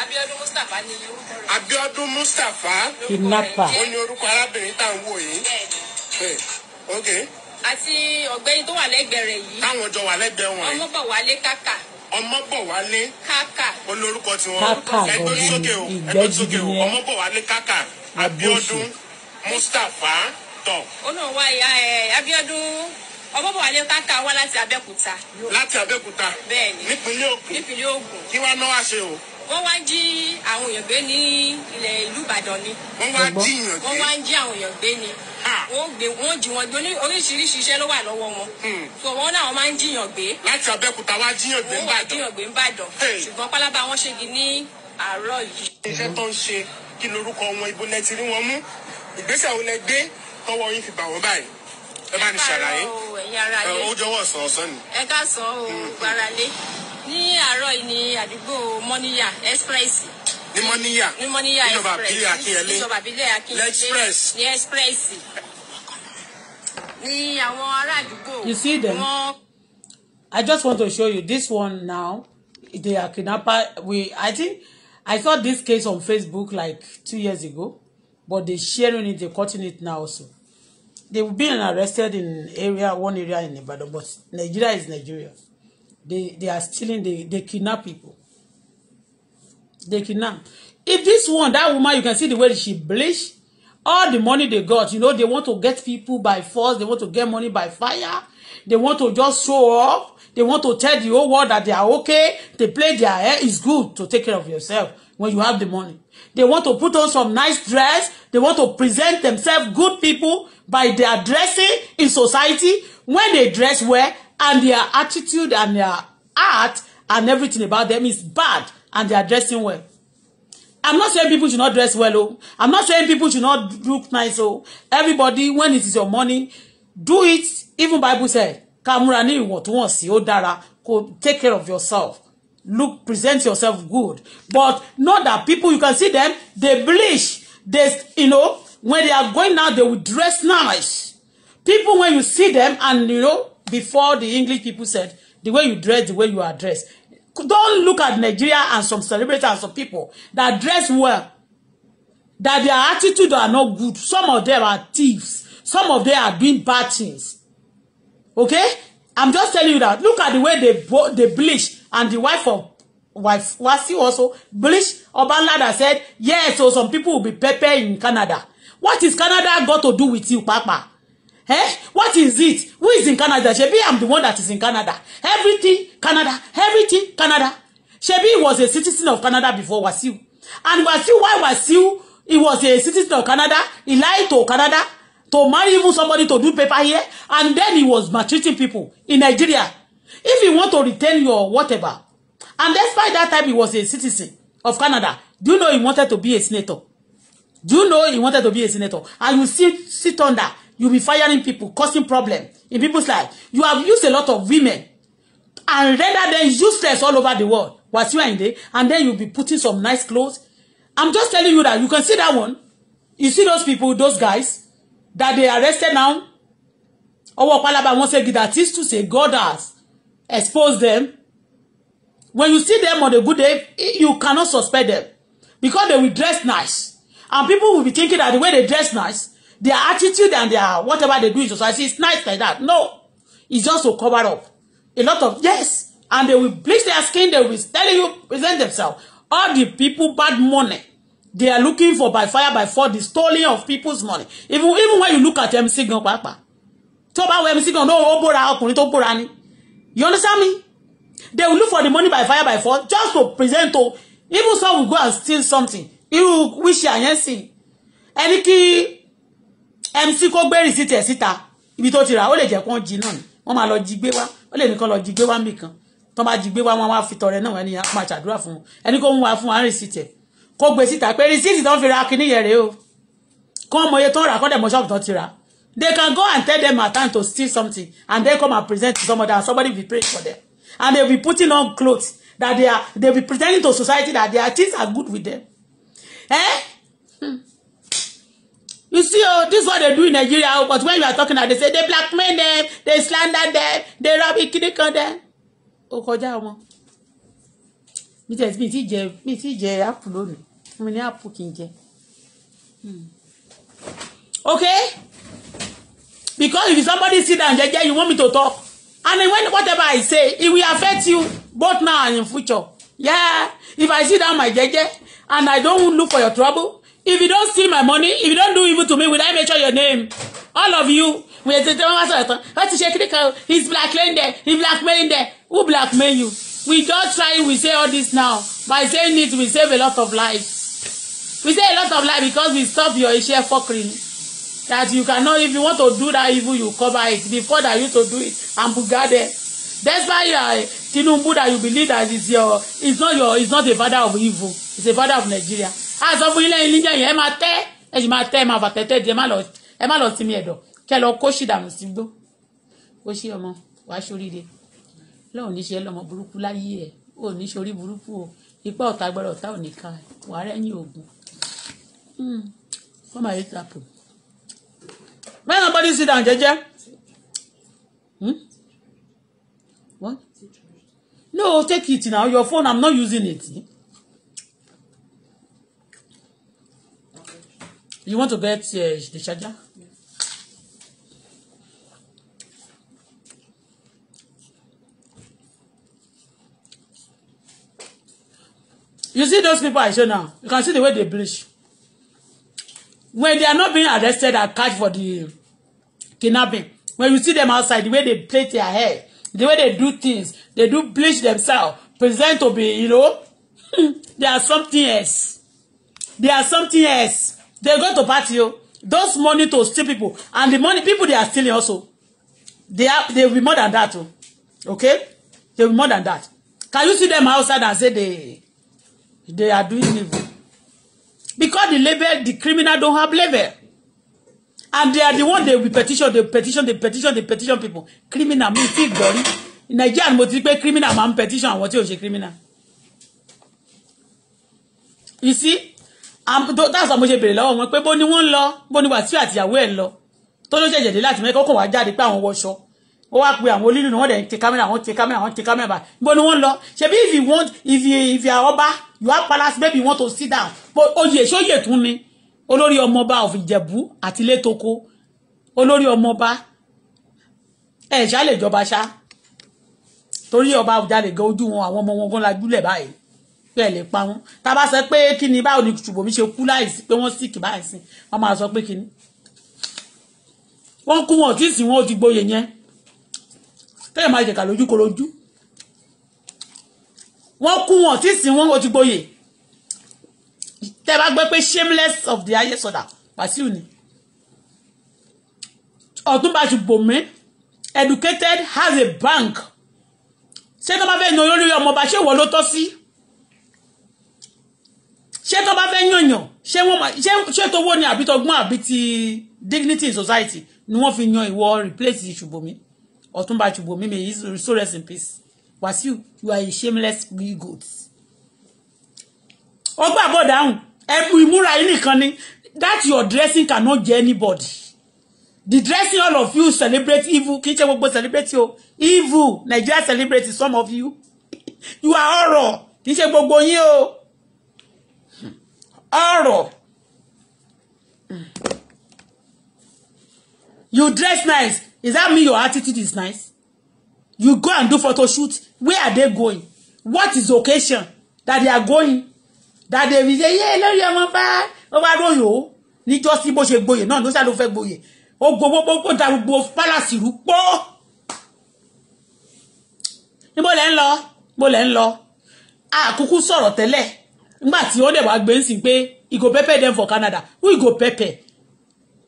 Speaker 2: Abíọ́dún Mustapha ni orúkọ rẹ̀. Abíọ́dún Mustapha. kidnapper. ó ní orúkọ arábìnrin tá à wò yìí. ok. àti ọ̀gbẹ́ni tó wà lẹ́gbẹ̀ẹ́ yìí. táwọn jọ wà lẹ́gbẹ̀ẹ́ wọn ọmọ bọ̀ wálé kàkà ọmọbọwálé káká olórúkọ tiwọn ẹgbẹ́ sókè o ẹgbẹ́ sókè o ọmọbọwálé káká
Speaker 1: abiodun
Speaker 2: mustapha tọ. ó ìyá ẹ abiodun ọmọbọwálé káká wá láti abẹ́òkúta. láti abẹ́òkúta nípínlẹ̀ ògùn nípínlẹ̀ ògùn kí wàá náwó àṣẹ o wọ́n wá jí àwọn èèyàn gbé ní ilẹ̀ ìlú ìbàdàn ni. wọ́n wá jí àwọn èèyàn gbé ni wọ́n gbé wọ́n jí wọn gbé oríṣiríṣi iṣẹ́ ló wà lọ́wọ́ wọn. Hmm. so wọn náà máa ń jiyàn gbé. láti abẹ́kúta wá jiyàn gbé ń bàdàn. jiyàn gbé ń ṣùgbọ́n pálábá wọn ṣègi ní àárọ̀ yìí. iṣẹ́ tó ń ṣe kí lorúkọ wọn ibo lẹ ti rí wọn mú ìgbésẹ̀ wo lẹ gbé tọwọ́ yín fi bà wọ́n báyìí ẹ bá mi ṣàlàyé ó jọ̀wọ́ ọ̀sán ni. ẹ ká sọ o hmm. gbáralé ní àárọ̀ yìí ní àdúgbò mọ́níyà express ní mọ́níyà ní mọ́níyà express ní ìjọba akínyẹlé ní express ní express you see them
Speaker 1: i just want to show you this one now they are kidnapper we i think i saw this case on facebook like two years ago but they sharing it they cutting it now also they been arrested in area one area in Ibadan but Nigeria is Nigeria they they are stealing they they kidnap people they kidnap if this one that woman you can see the way she bleached all the money they got you know they want to get people by force they want to get money by fire they want to just show off they want to tell the whole world that they are okay they play their hair it's good to take care of yourself when you have the money they want to put on some nice dress they want to present themselves good people by their dressing in society when they dress well and their attitude and their art and everything about them is bad and they are dressing well I'm not saying people should not dress well, oh. I'm not saying people should not look nice, oh. Everybody, when it is your money, do it. Even Bible said, ká múra ní ìwọ̀ntúnwọ̀nsì, ó dára, take care of yourself. Look, present yourself good. But not that people, you can see them, they bleach. They, you know, when they are going out, they will dress nice. People, when you see them, and you know, before the English people said, the way you dress, the way you are dressed don't look at Nigeria and some celebrities and some people that dress well, that their attitude are not good. Some of them are thieves. Some of them are doing bad things. Okay? I'm just telling you that. Look at the way they they bleach and the wife of wife Wasiu also bleach. Obanlada said, yes, so some people will be pepper in Canada. What is Canada got to do with you, Papa? Eh? What is it? Who is in Canada? Shebi, I'm the one that is in Canada. Everything, Canada. Everything, Canada. Shebi was a citizen of Canada before Wasiu. And Wasiu, why Wasiu? He was a citizen of Canada. He lied to Canada to marry even somebody to do paper here. And then he was maltreating people in Nigeria. If you want to retain your whatever. And despite that time, he was a citizen of Canada. Do you know he wanted to be a senator? Do you know he wanted to be a senator? And you sit sit under you'll be firing people, causing problem in people's life. You have used a lot of women and rather than useless all over the world. in there? and then you'll be putting some nice clothes. I'm just telling you that you can see that one. You see those people, those guys that they arrested now. Owo Palaba won't say that is to say God has exposed them. When you see them on a good day, you cannot suspect them because they will dress nice. And people will be thinking that the way they dress nice, Their attitude and their whatever they do in society is nice like that. No. It's just to cover up. A lot of, yes. And they will bleach their skin. They will tell you, present themselves. All the people bad money. They are looking for by fire, by force, the stealing of people's money. Even, even when you look at them, signal Papa. Tó bá wo signal no, ó bóra ọkùnrin You understand me? They will look for the money by fire, by force, just to present to, even some will go and steal something. Irú wíṣẹ́ àyẹ́sìn. Ẹni kí mc kó gbé rìsíìtì ẹ̀ síta ibi tó ti rà ó lè jẹ́ kó ń jí náà ni wọ́n máa lọ jí gbé wá ó lè nìkan lọ jí gbé wá mì kan tó máa jí gbé wá wọn wá fi tọrẹ náà ẹni yẹn máa ṣàdúrà fún wọn ẹni kó ń wá fún wa rìsíìtì ẹ̀ kó gbé síta pé rìsíìtì tó ń fi ra kinní yẹn rèé o kó ọmọ iye tó ń rà kó dẹ̀ ṣọ́ọ̀bù tó ti rà they can go and tell them at time to steal something and then come and present to somebody and somebody be praying for them and they be putting on clothes that they are They be pretending to society that their things are good with them eh You see, oh, this is what they do in Nigeria. Oh, but when you are talking, they say they blackmail them, they slander them, they rob it, on them. Ó kọjá wọn. Mi tẹ̀sí me ti me mi ti jẹ apple lónìí. Fún mi ní apple kí hmm. Okay? Because if somebody sit down jeje, you want me to talk. And then when whatever I say, it will affect you both now and in future. Yeah. If I sit down my jeje and I don't look for your trouble, if you don't steal my money if you don't do evil to me will I mention your name all of you wọ́n ti tẹ́ wọ́n wá sọ̀rọ̀ tán wọ́n ti ṣe kíni kan he is blackmailing there. He's is blackmailing there. who blackmail you we just try we say all this now by saying it we save a lot of lives. we save a lot of lives because we stop your iṣẹ́ fokiri that you cannot if you want to do that evil you cover it before that you to do it and buga there that's why uh, Tinubu that you believe that is your is not your is not the father of evil is the father of Nigeria a sọ fún ilé ilé yẹn ẹ máa tẹ́ ẹ sì máa tẹ́ ẹ máa fà tẹ́tẹ́ di ẹ má lọ sí mi ẹ̀dọ̀ kẹ́ lọ kó sì dànù sí gbó kó sì ọmọ wàá sóríire lọ́wọ́ ní ṣe lọ́mọ burúkú láyé ẹ̀ ò ní ṣorí burúkú o ipá ọ̀tá gbọ́dọ̀ ọ̀tá ò ní ká wàá rẹ́yìn ògùn hmm, wọ́n máa yẹ ti àpò. mẹ́rin bọ́dí sí dàn jẹ́jẹ́. Hmm? What? No, take it now. Your phone, I'm not using it. You want to bet? uh, the charger? You see those people I show now? You can see the way they bleach. When they are not being arrested and catch for the kidnapping, when you see them outside, the way they plait their hair, the way they do things, they do bleach themselves, present to be, you know, they are something else. They are something else. They go to party. Oh. Those money to steal people. And the money people they are stealing also. They are they will be more than that. Oh. Okay? They will be more than that. Can you see them outside and say they they are doing evil? Because the label, the criminal don't have label. And they are the one they will petition, they petition, they petition, they petition people. Criminal mi ti gbọ́rí. Nàìjíríà ni mo ti pé criminal máa petition àwọn tí ò ṣe criminal. You see? táàsán mo ṣe béèrè lọ́wọ́ wọn pé bó ni wọ́n ń lọ bó ni Wàsíù àtìyàwó ẹ̀ lọ tó ló ṣẹ̀ṣẹ̀ dé láti mẹ́kọ́ kò wá jáde pé àwọn wọṣọ ó wá pe àwọn olílù wọn dẹ̀ ń ti kámẹ́rà wọn ti kámẹ́rà wọn ti kámẹ́rà bá bó ni wọ́n lọ ṣebí if you want if you if you are ọba you are palace baby you want to sit down but oyè sóyè tún ni olórí ọmọọba of Ìjẹ̀bú àti Létoko olórí ọmọọba ẹ̀ ṣá lè jọba ṣá torí ọba àwùjalè gan ojú wọn àwọn ọmọ wọn gan lajúlẹ̀ báyìí pé ẹ lè pa wọn tá a bá sọ pé kí ni báwo ni Ṣùbọ́mi ṣe kú láìsí pé wọ́n sì kì báyìí sí wọ́n máa sọ pé kí ni wọ́n kú wọn tí ì sìn wọn ò ti gboyè yẹn tẹ́yẹ̀ máa jẹ̀ka lójú kó lójú wọ́n kú wọn tí ì sìn wọn ò ti gboyè tẹ́ bá gbẹ́ pé shameless of the highest order Wàsíù ni Ọ̀túnba Ṣùbọ́mi educated has a bank ṣé tó máa fẹ́ ní olórí ọmọ ọba ṣé ìwọ ló tọ́ sí. Si? ṣé tó bá fẹ́ yànyàn ṣé wọ́n máa ṣé ṣé tó wó ni àbí tó àbí ti dignity in society ni wọ́n fi yan ìwọ replace Ṣùbọ́mi Ọ̀túnba Ṣùbọ́mi may he so rest in peace Wàsíù you are a shameless bigot. ọgbà bọ̀ dáhùn ẹ̀bù ìmúra yìí nìkan ni that your dressing cannot get anybody the dressing all of you celebrate evil kì í ṣe gbogbo celebrate o evil Nigeria celebrate some of you you are horror kì í ṣe gbogbo yín o ọ̀rọ̀ you dress nice is that mean your attitude is nice you go and do photo shoot where are they going what is the occasion that they are going that they be say yé lórí ọmọ bá ó wá ròyìn o níjọ́ sí bó ṣe gboyè náà ló ṣáà ló fẹ́ gboyè ó gbowó gbogbo da gbogbo pálásì rú pọ́ níbo lẹ́ ń lọ níbo lẹ́ ń lọ àkúkú sọ̀rọ̀ tẹ́lẹ̀ nígbà tí wọ́n dẹ̀ wá gbé ń sìn pé he go pepper them for Canada who go pepper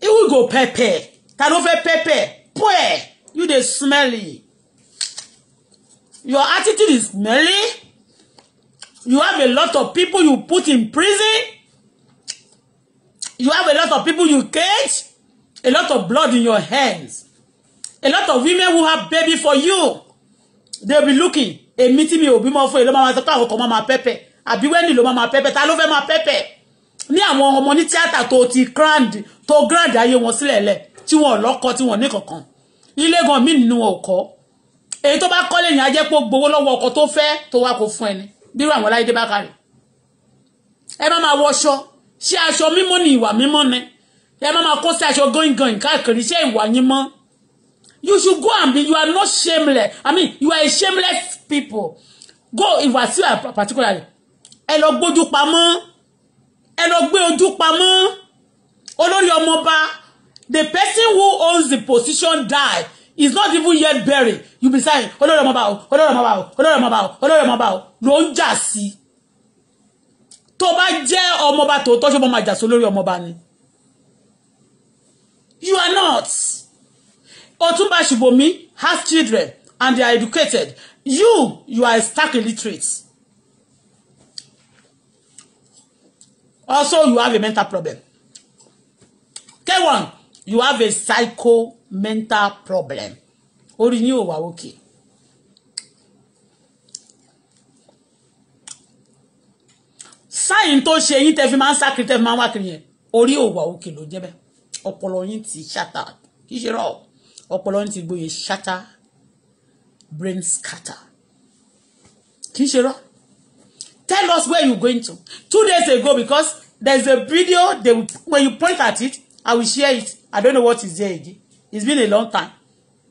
Speaker 1: who he go pepper ta ló fẹ́ pepper pọ́ẹ̀ you dey smelly your attitude is smelly you have a lot of people you put in prison you have a lot of people you cage a lot of blood in your hands a lot of women who have baby for you they be looking èmi tí mi ò bímọ fún èlò máa sọ pé àwọn kan máa pẹ́pẹ́ àbí wẹ́nì ló máa pẹ́pẹ́ ta ló fẹ́ máa pẹ́pẹ́ ní àwọn ọmọ ní tíátà tó ti grand tó grand ayé wọn sílẹ̀ lẹ̀ tí wọn lọ́kọ tí wọn ní kankan ilé gan mí nínú ọkọ èyí tó bá kọ́lé yẹn á jẹ́ pé ó gbowó lọ́wọ́ ọkọ tó fẹ́ tó wá kó fún ẹni bírò àwọn láyédé bá kárí ẹ má máa wọṣọ ṣé aṣọ mímọ́ ni ìwà mímọ́ ni ẹ má máa kó sí aṣọ gangan káàkiri ṣé ìwà yín mọ́ you should go and be you are not shameless i mean you are a shameless people go ìwà sí particularly ẹ lọ gbójú pamọ́ ẹ lọ gbé ojú pamọ́ olórí ọmọọba the person who owns the position die is not even yet buried you be saying olórí ọmọọba o olórí ọmọọba o olórí ọmọọba o olórí ọmọọba o ló ń jà sí i tó bá jẹ́ ọmọọba tòótọ́ ṣé mo máa jà sí olórí ọmọọba ni you are not Ọ̀túnba Shibomi has children and they are educated you you are a stark illiterate Also, you have a mental problem. K1, you have a psycho mental problem. Orí yín ò wà okay. Sáyìn tó ṣe yín tẹ́ fi máa ń sákiri tẹ́ máa ń wá kiri yẹn. Orí ò wà okay ló jẹ́ bẹ́ẹ̀. Ọpọlọ yín ti ṣàtà. Kì í ṣe rọ̀. Ọpọlọ yín ti gbóyè ṣàtà. Brain scatter. Kì í ṣe rọ̀. Tell us where you going to. Two days ago, because there's a video, they will, when you point at it, I will share it. I don't know what is there again. It's been a long time.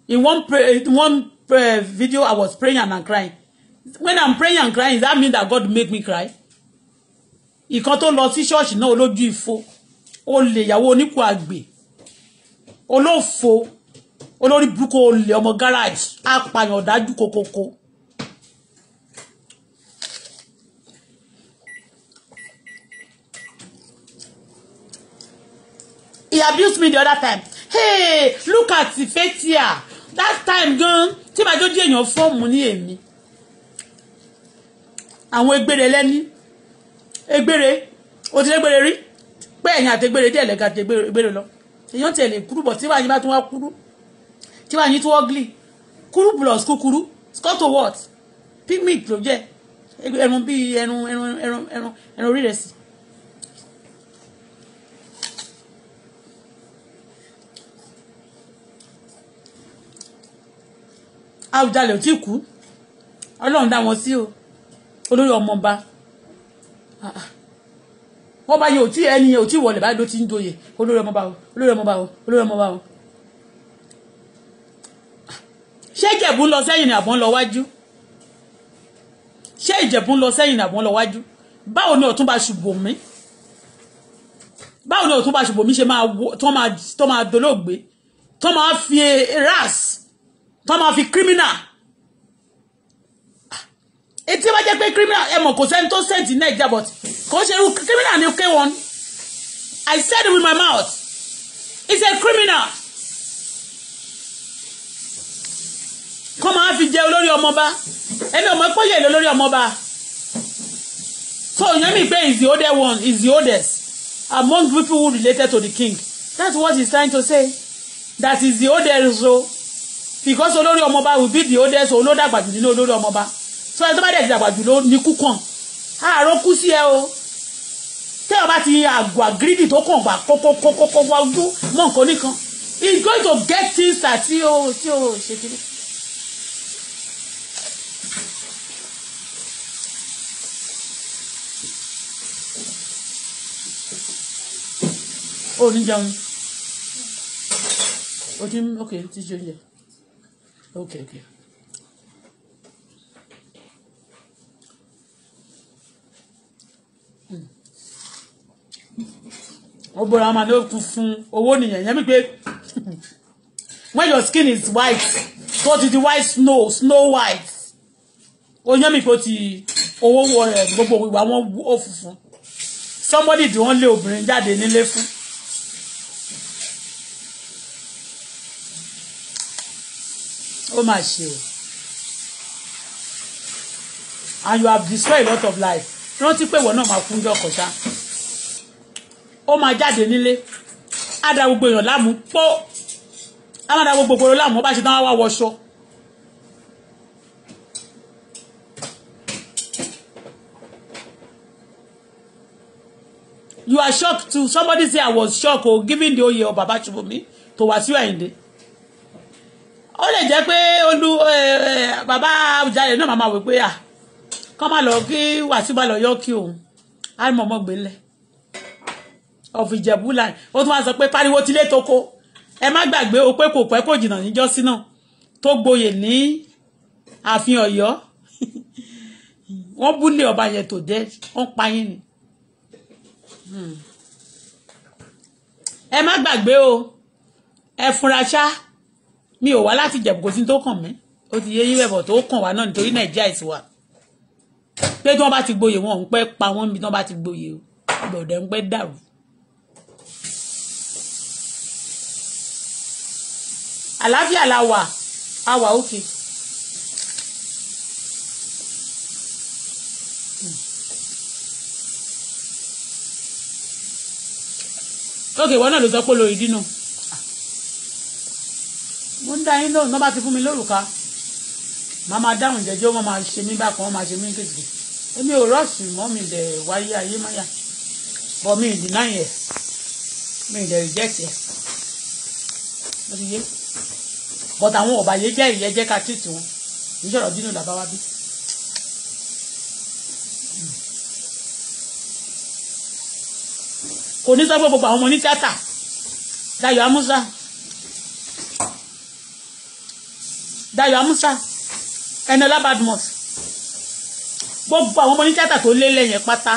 Speaker 1: In one pray, in one pray uh, video, I was praying and I'm crying. When I'm praying and crying, that mean that God make me cry? Ìkan tó lọ sí ṣọ́ọ̀ṣì náà olójú ìfo, olè ìyàwó oníkù àgbè, olófo, olórí burúkú olè ọmọ gáràjì, apààyàn ọ̀dájú kokoko. abused me the other time hey look at the here. that time gan tí màá jó dí èèyàn fọ́ọ̀mù ní èmi àwọn egbére lẹ́ni egbére o ti lẹ́gbére rí pé ẹ̀yìn àtẹgbére díẹ̀ lẹ́ga àtẹgbére lọ èèyàn tiẹ̀ lè Kuru, bọ̀ tí wàá yín bá tún wá kúrú tí wàá yín tún wọ́gìlì kúrú plus kúkúrú scott what Pick pigment ló jẹ́ ẹran bíi ẹran ẹran ẹran ẹran orí rẹ̀ sí Àwùjalẹ̀ ò tí kú ọlọ́run dá wọn sí o olórí ọmọọba ah, ah. wọ́n bá yẹ òtí ẹni yẹ òtí wọlé báyìí ló ti ń doyè olórí ọmọọba o olórí ọmọọba o olórí ọmọọba o ah, ṣé ìjẹ̀bú ń lọ sẹ́yìn ní àbọ̀n lọ wájú ṣé ìjẹ̀bú ń lọ sẹ́yìn ní àbọ̀n lọ wájú báwo ni ọ̀túnba ṣùgbọ́nmí báwo ni ọ̀túnba ṣùgbọ́nmí ṣe máa tó máa dolóògbé tó máa fi e, e, ras tó máa fi criminal etí bá jẹ́ pé criminal ẹ mọ̀ kò sẹ́ni tó sẹ́ǹtì nàìjíríà but kò ṣe irú criminal ni k1 I said it with my mouth it's a criminal kọ́ máa fi jẹ olórí ọmọba ẹni ọmọ ẹ̀kọ́ yẹ̀ lórí ọmọba so yẹn mi pé is the oldest one is the oldest among people who related to the king that's what he's trying to say that is the oldest o. So, because olórí ọmọba will be the oldest olórí àgbàjù nínú olórí ọmọba so ẹni tó bá dẹ̀ ti àgbàjù ló ní kú kàn àárọ̀ kú sí ẹ o tẹ́ ọ bá ti àgọ́ àgírídì tó kàn gbà kókókókókó wá ojú mọ́ nǹkan nìkan he going to get things àti o tí o ṣe kiri. orin jẹun o ti ń ok ti ṣe oúnjẹ. Okay, okay. Obora ma no ku fún owó oh, yẹn mi pé when your skin is white so ti di white snow snow white oh, yẹn mi pé oh, ti owó wọ ẹ eh, gbogbo ìwà wọn ó funfun somebody di wọn lé obìnrin jáde nílé fún ó mà ṣe o and you have destroyed a lot of life rántí pé ìwọ náà máa kúnjọ kọ̀ṣá ó máa jáde nílé á da gbogbo èèyàn láàmú pó á máa da gbogbo èèyàn láàmú ó bá ṣe tán wá wọṣọ. you are shocked too somebody say i was shocked o oh, giving the oye of Baba Shubumi to Wasiu Ayinde ó lè jẹ́ pé olú bàbá Àwùjalè náà máa wò pé à kọ́ máa lọ kí Wàsíù máa lọ yọ kí òun á mọ̀ ọmọ gbélẹ̀ ọ̀fìn Ìjẹ̀bú láì ó tún wá sọ pé pariwo tilé toko ẹ má gbàgbé o pé kò pẹ́ kò jìnnà níjọ́sí náà tó gboyè ní ààfin Ọ̀yọ́ wọ́n búlé ọba yẹn tó dé wọ́n pa yín ni hmm. ẹ má gbàgbé o ẹ funra ṣáá mi ò wá láti jẹ̀bù kò sí tó kàn mí ó ti yé yín bẹ̀bọ̀ tó kàn wá náà nítorí nàìjíríà ìsìn wa pé tí wọ́n bá ti gboyè wọn ò ń pẹ́ pa wọ́n bí tí wọ́n bá ti gboyè o bọ̀dẹ̀ ń pẹ́ dàrú. àlàáfíà la wà a wà òkè. ókè wọn náà ló sọ pé olórí dínà mo ń dá yín lóhùn náà bá ti fún mi lórúkà màá máa dáhùn jẹjọ́ wọn máa ṣe mí bákan wọn máa ṣe mí kékeré èmi ò rọ́ọ̀sì mọ́ mi dẹ̀ wáyé ayé máyà bọ́ mi ì dínà yẹ mi ì dẹ̀ rìjẹ́tì ẹ̀ mo ti yé but àwọn ọ̀bà yẹn jẹ́ ìyẹ́jẹ́ ká tìtì wọn ìṣòro dínú làbá wa bí. kò ní sọ pé gbogbo àwọn ọmọ ní tíátà Dayọ̀ Amusa Dayo Amusa Enola Badmus gbogbo àwọn ọmọ ní tíátà tó lé lẹ́yìn pátá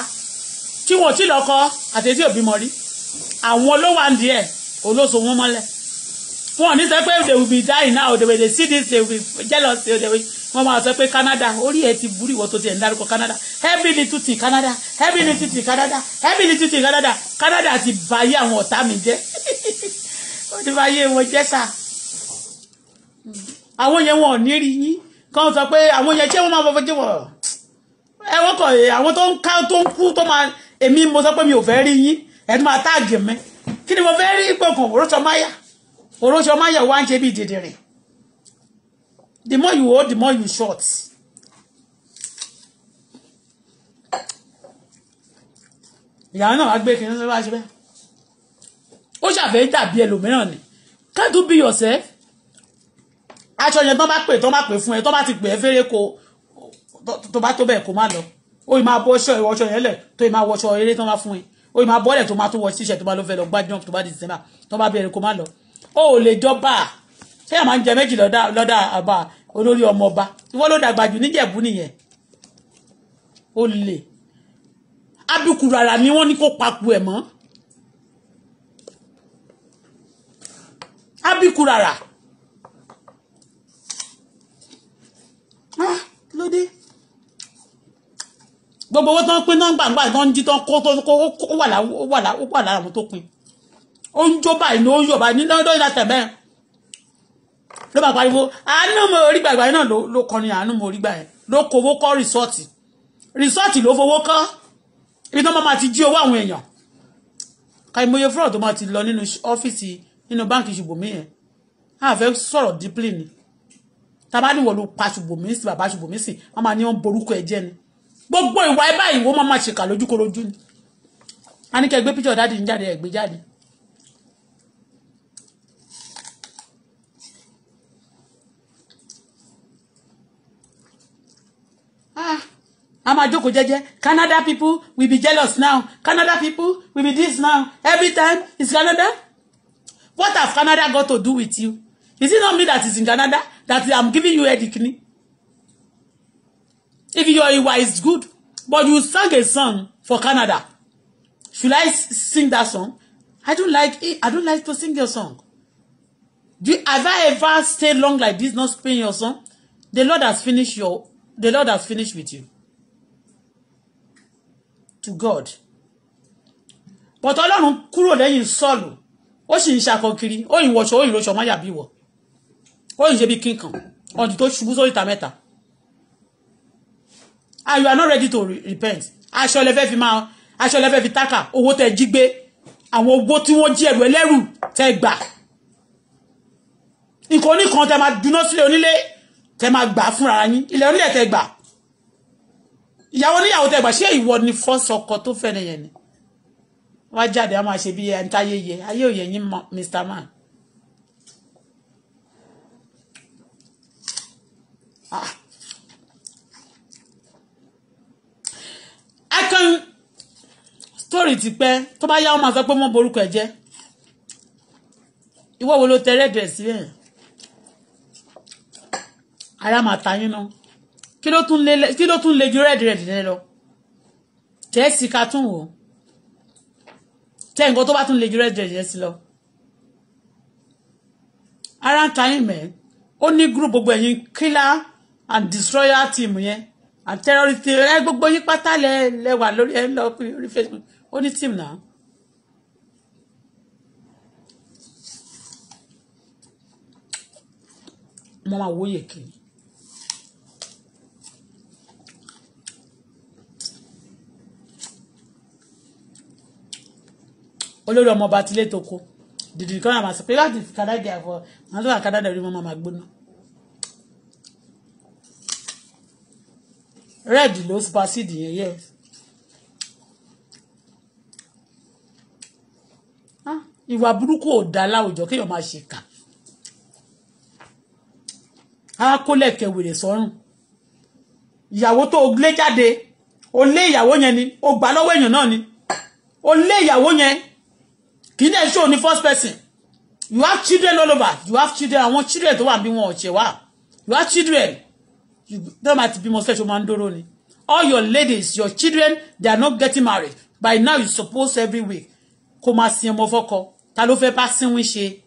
Speaker 1: tí wọn ò tí lọ́kọ àti tí òbí mọ rí àwọn ló wà díẹ̀ olóso wọn mọ́lẹ̀ wọn ò ní sọ pé they will be dying now they will see this they will be jealous they will wọn máa sọ pé Canada orí ẹ ti burú ìwọ tó tiẹ̀ ń dárúkọ Canada Heavy little thing Canada Heavy little thing Canada Heavy little thing Canada Canada ti báyé àwọn ọ̀tá mi jẹ́ ó ti báyé wọn jẹ́ sà. Mm-hmm àwọn yẹn wọn ò ní rí yín kan sọ pé àwọn yẹn ṣé wọ́n máa fọfọ jẹ wọ ẹwọn kọ àwọn tó ń ká tó ń kú tó máa èmi mo sọ pé mi ò fẹ́ rí yín ẹni máa táàgì mi kí ni mo fẹ́ rí gbọ̀ngàn òróṣọmáyà òróṣọmáyà wá ń ṣe bí dìdìrìn the more you hold the more you short. ìyàwó náà wá gbé kí n sọ bá ṣe bẹ́ẹ̀ ó ṣàfẹ́ dàbí ẹlòmíràn ni can't do be yourself aṣọ yẹn tán bá pè tán bá pè fún ẹ tán bá ti pè ẹ fẹ́rẹ́ kó tó bá tó bẹ́ẹ̀ kó má lọ ó ì máa bọ́ ṣọ ìwọṣọ yẹn lẹ̀ tó ì máa wọṣọ eré tán bá fún ẹ ó ì máa bọ́lẹ̀ tó máa tún wọ tíṣẹ̀ tó bá ló fẹ́ lọ gbájúmọ́ tó bá di december tán bá bẹ̀rẹ̀ kó má lọ ó ò lè jọba ṣé àmà ń jẹ méjì lọ́dà àbá olórí ọmọ ọba ìwọ ló dàgbà jù níjẹ̀bú nìyẹn ó lè abikuru ara ni wọ́n ní kó paku ẹ̀ mọ́ abikuru ara. Ah, kí ló dé gbogbo owó tó ń pín nọ́mbà nígbà tó ń jí tó ń kó tó ó wà lára àwọn tó pin ó ń jó báyìí ló ń yọ̀ báyìí ní lọ́dọ̀ ìlà tẹ̀mẹ́ ló bá pariwo àánú mo rí gbàgbà yẹn náà ló kọrin àánú mo rí gbà yẹn ló kówó kọ́ rìsọ́ọ̀tì rìsọ́ọ̀tì ló fowó kọ́ ibi tó máa ti jí owó àwọn èèyàn kàìmọye fraud tó máa ti lọ nínú ọ́fíìsì nínú báǹkì ṣùgbọ́n mi yẹn àfẹ́ sọ̀rọ̀ dípìlì ni tábà níwọ̀ ló pa ṣùgbọ́n sí bàbá ṣùgbọ́n sí wọ́n máa ní wọ́n borúkọ ẹ jẹ́ ni gbogbo ìwà ẹ báyìí wọ́n máa ṣèkà lójúkorojú ni a ní kẹ́ gbé píṣọ̀ dáàdì ń jáde gbé jáde. Ah, a máa jókòó jẹ́jẹ́ Canada people will be jealous now Canada people will be this now every time is Canada what has Canada got to do with you is it not me that is in Canada that I'm giving you a kini. If your ìwà is good, but you sang a song for Canada, should I sing that song? I don't like it. I don't like to sing your song. Do you, have I ever stayed long like this not paying your song? The Lord has finished your. The Lord has finished with you. To God. But Ọlọ́run kúrò lẹ́yìn sọ́ọ̀lù ó sì ń ṣakọ kiri ó ìwọ̀ṣọ́ ó ìrọ̀ṣọ́ má yàbí wọ̀ kó yìí ṣe bí kíkan ọ̀dì tó ṣubú sórí ìta mẹ́ta ah you are not ready to re repent aṣọ lẹfẹ́ fi máa aṣọ lẹfẹ́ fi tákà owó tẹ jí gbé àwọn owó tí wọ́n jí ẹrù ẹlẹ́rù tẹ gbà nǹkan oníkan tẹ máa dúná sílé onílé tẹ máa gbà fúnra yín ilẹ̀ onílẹ̀ tẹ gbà ìyàwó níyàwó tẹ gbà ṣé ìwọ ni fọ́sọ ọkọ tó fẹ́ nìyẹn ni wá jáde a máa ṣe bí ẹni táyé yẹ ayé òye yín Mr. Man akan ah. story ti pẹ́ tó bá yá wọn máa sọ pé wọ́n borúkọ ẹ̀ jẹ́ ìwọ wo ló tẹ́rẹ̀ dẹ̀ síbẹ̀ ara máa ta yín náà kí ló tún le ju rẹ́ẹ̀dì rẹ̀dì lẹ lọ tẹ́ẹ̀sì ká tún wò tẹ́ẹ̀ nǹkan tó bá tún le ju rẹ́ẹ̀dì rẹ̀dì lẹ sí lọ ara ń ta yín mẹ́ ó ní gúrù gbogbo ẹ̀yin kílá and destroyer team yẹn and terrorist ẹ eh, gbogbo yín pátá lẹ lẹ wà lórí ẹ ń lọ lórí facebook ó ní team náà. mo máa wóye kiri. olórí ọmọ ọba tilé tó kó dìdì kan àmà sí pé láti kàdájà fọ màá tó wà kàdájà rí mo máa gbóná. red ló supersede yẹn yes. Ah. ìwà burúkú ò dáa láwùjọ kéèyàn máa ṣèkà á kó lẹ̀kẹ̀ wèrè sọ́rùn ìyàwó tó o lé jáde o lé ìyàwó yẹn ni o gbà lọ́wọ́ èèyàn náà ni o lé ìyàwó yẹn kì í dẹ̀ ṣó ní first person you have children all over you have children àwọn children tó wà bí wọn ò ṣe wà you have children you don't have to be sẹ́ṣọ́ máa ń all your ladies your children they are not getting married by now you suppose every week kó máa sin ọmọ fọ́kọ ta ló fẹ́ bá sínwín ṣe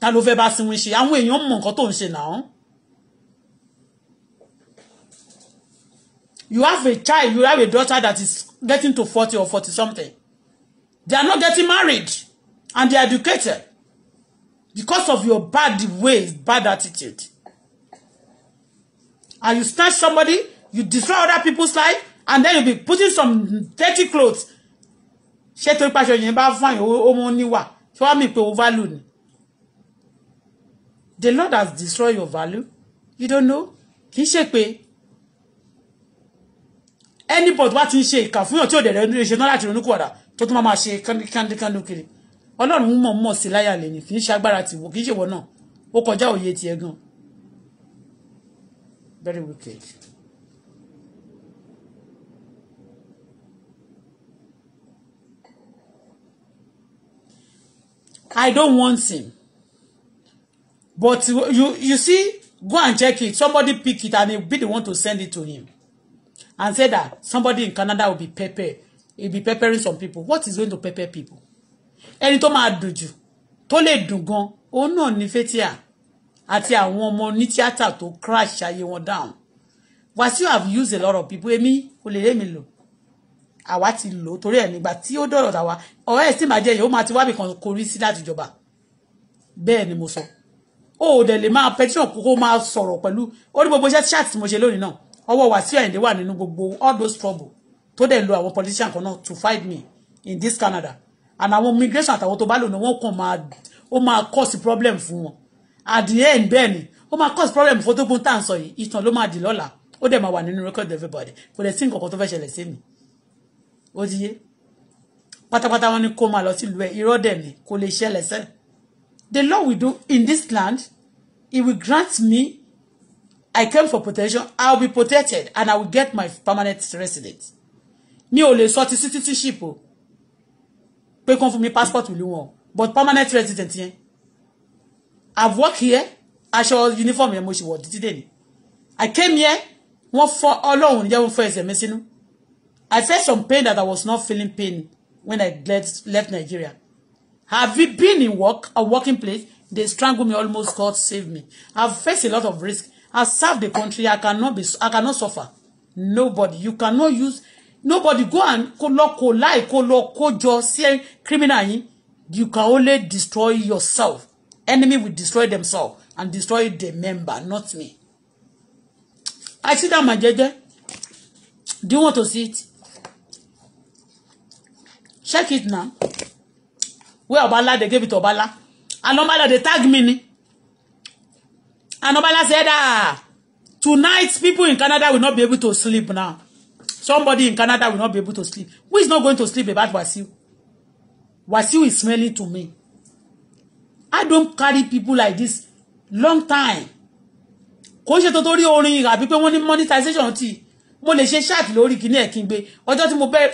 Speaker 1: ta ló fẹ́ bá sínwín ṣe àwọn èèyàn mọ̀ you have a child you have a daughter that is getting to forty or forty something they are not getting married and they are educated because of your bad ways bad attitude and you snatch somebody, you destroy other people's life, and then you be putting some dirty clothes. Ṣé torí pàṣẹ yẹn bá fún àyẹ̀wò ọmọ níwà? Ṣé wàá mi pé o value ni? The Lord has destroyed your value. You don't know? Kì í ṣe pé anybody wá ti ń ṣe ìkà fún yàn tí ò dẹ̀rẹ̀ ní ṣe náà láti ronú kúwàdà tó tún máa máa ṣe kándíkándí kiri. Ọlọ́run mọ̀ mọ̀ sí láyà lẹ́yìn kì í ṣe agbára tìwọ kì í ṣèwọ náà ó kọjá òye tiẹ̀ gan-an very wicked. I don't want him. But you you see, go and check it. Somebody pick it and he'll be the one to send it to him. And say that somebody in Canada will be pepper. He'll be preparing some people. What is going to prepare people? Ẹni tó máa dùn jù, tó lè dùn gan, àti àwọn ọmọ ní tíátà tó crash ayé wọn down Wasiu have used a lot of people èmi kò lè rémi lò àwa ti lò ó torí ẹ̀ nígbà tí ó dọ̀rọ̀ tàwa ọ̀rẹ́ ẹ̀ sì máa jẹ yìí ó máa ti wábì kan korí sí láti jọba bẹ́ẹ̀ ni mo sọ ó dẹ̀ lè máa petition kókó máa sọ̀rọ̀ pẹ̀lú ó ní gbogbo iṣẹ́ chat tí mo ṣe lónìí náà ọwọ́ Wasiu Ayinde wà nínú gbogbo all those trouble tó dẹ̀ lo àwọn politician kan náà to fight me in this Canada and àwọn immigration àtàwọn tó bá lò náà wọ́n kàn máa ó máa cause problem fún wọn at the end bẹ́ẹ̀ ni ó máa cause problem fún tó gbọ́n tá à ń sọ yìí ìtàn ló máa dì lọ́la ó dẹ̀ máa wà nínú record everybody kò lè sí nǹkan kan tó fẹ́ ṣẹlẹ̀ sí mi ó ti yé pátápátá wọn ni kó máa lọ sílùú ẹ irọ́ dẹ̀ ni kò lè ṣẹlẹ̀ sẹ́ the Lord will do in this land he will grant me I came for protection I will be protected and I will get my permanent resident. mi ò lè sọ ti citizenship o pé kàn fún mi passport ìlú wọn but permanent resident yẹn I've worked here aṣọ uniform yẹn mo ṣe wọ̀ títí dèní I came here wọ́n fọ́ ọlọ́run níjẹ́ wọ́n fọ́ ẹsẹ̀ mi sínú I felt some pain that I was not feeling pain when I left, left Nigeria have you been in work a working place they strangle me almost God save me I faced a lot of risk I serve the country I cannot be I cannot suffer nobody you cannot use nobody go and kó lọ kó láì kó lọ kó jọ sí criminal yín you can only destroy yourself Enemy will destroy themselves and destroy the member, not me. I see that, my jeje. Do you want to see it? Check it now. Where Obala, they gave it to Obala. And Obala, they tag me. And Obala said, ah, tonight people in Canada will not be able to sleep now. Somebody in Canada will not be able to sleep. Who is not going to sleep about Wasiu? Wasiu is smelling to me. I don't carry people like this long time kò ṣe torí orin àbí pé wọ́n ní monetization ti mo lè ṣe ṣáàtì lórí kíní ẹ̀ kí n gbé ọjọ́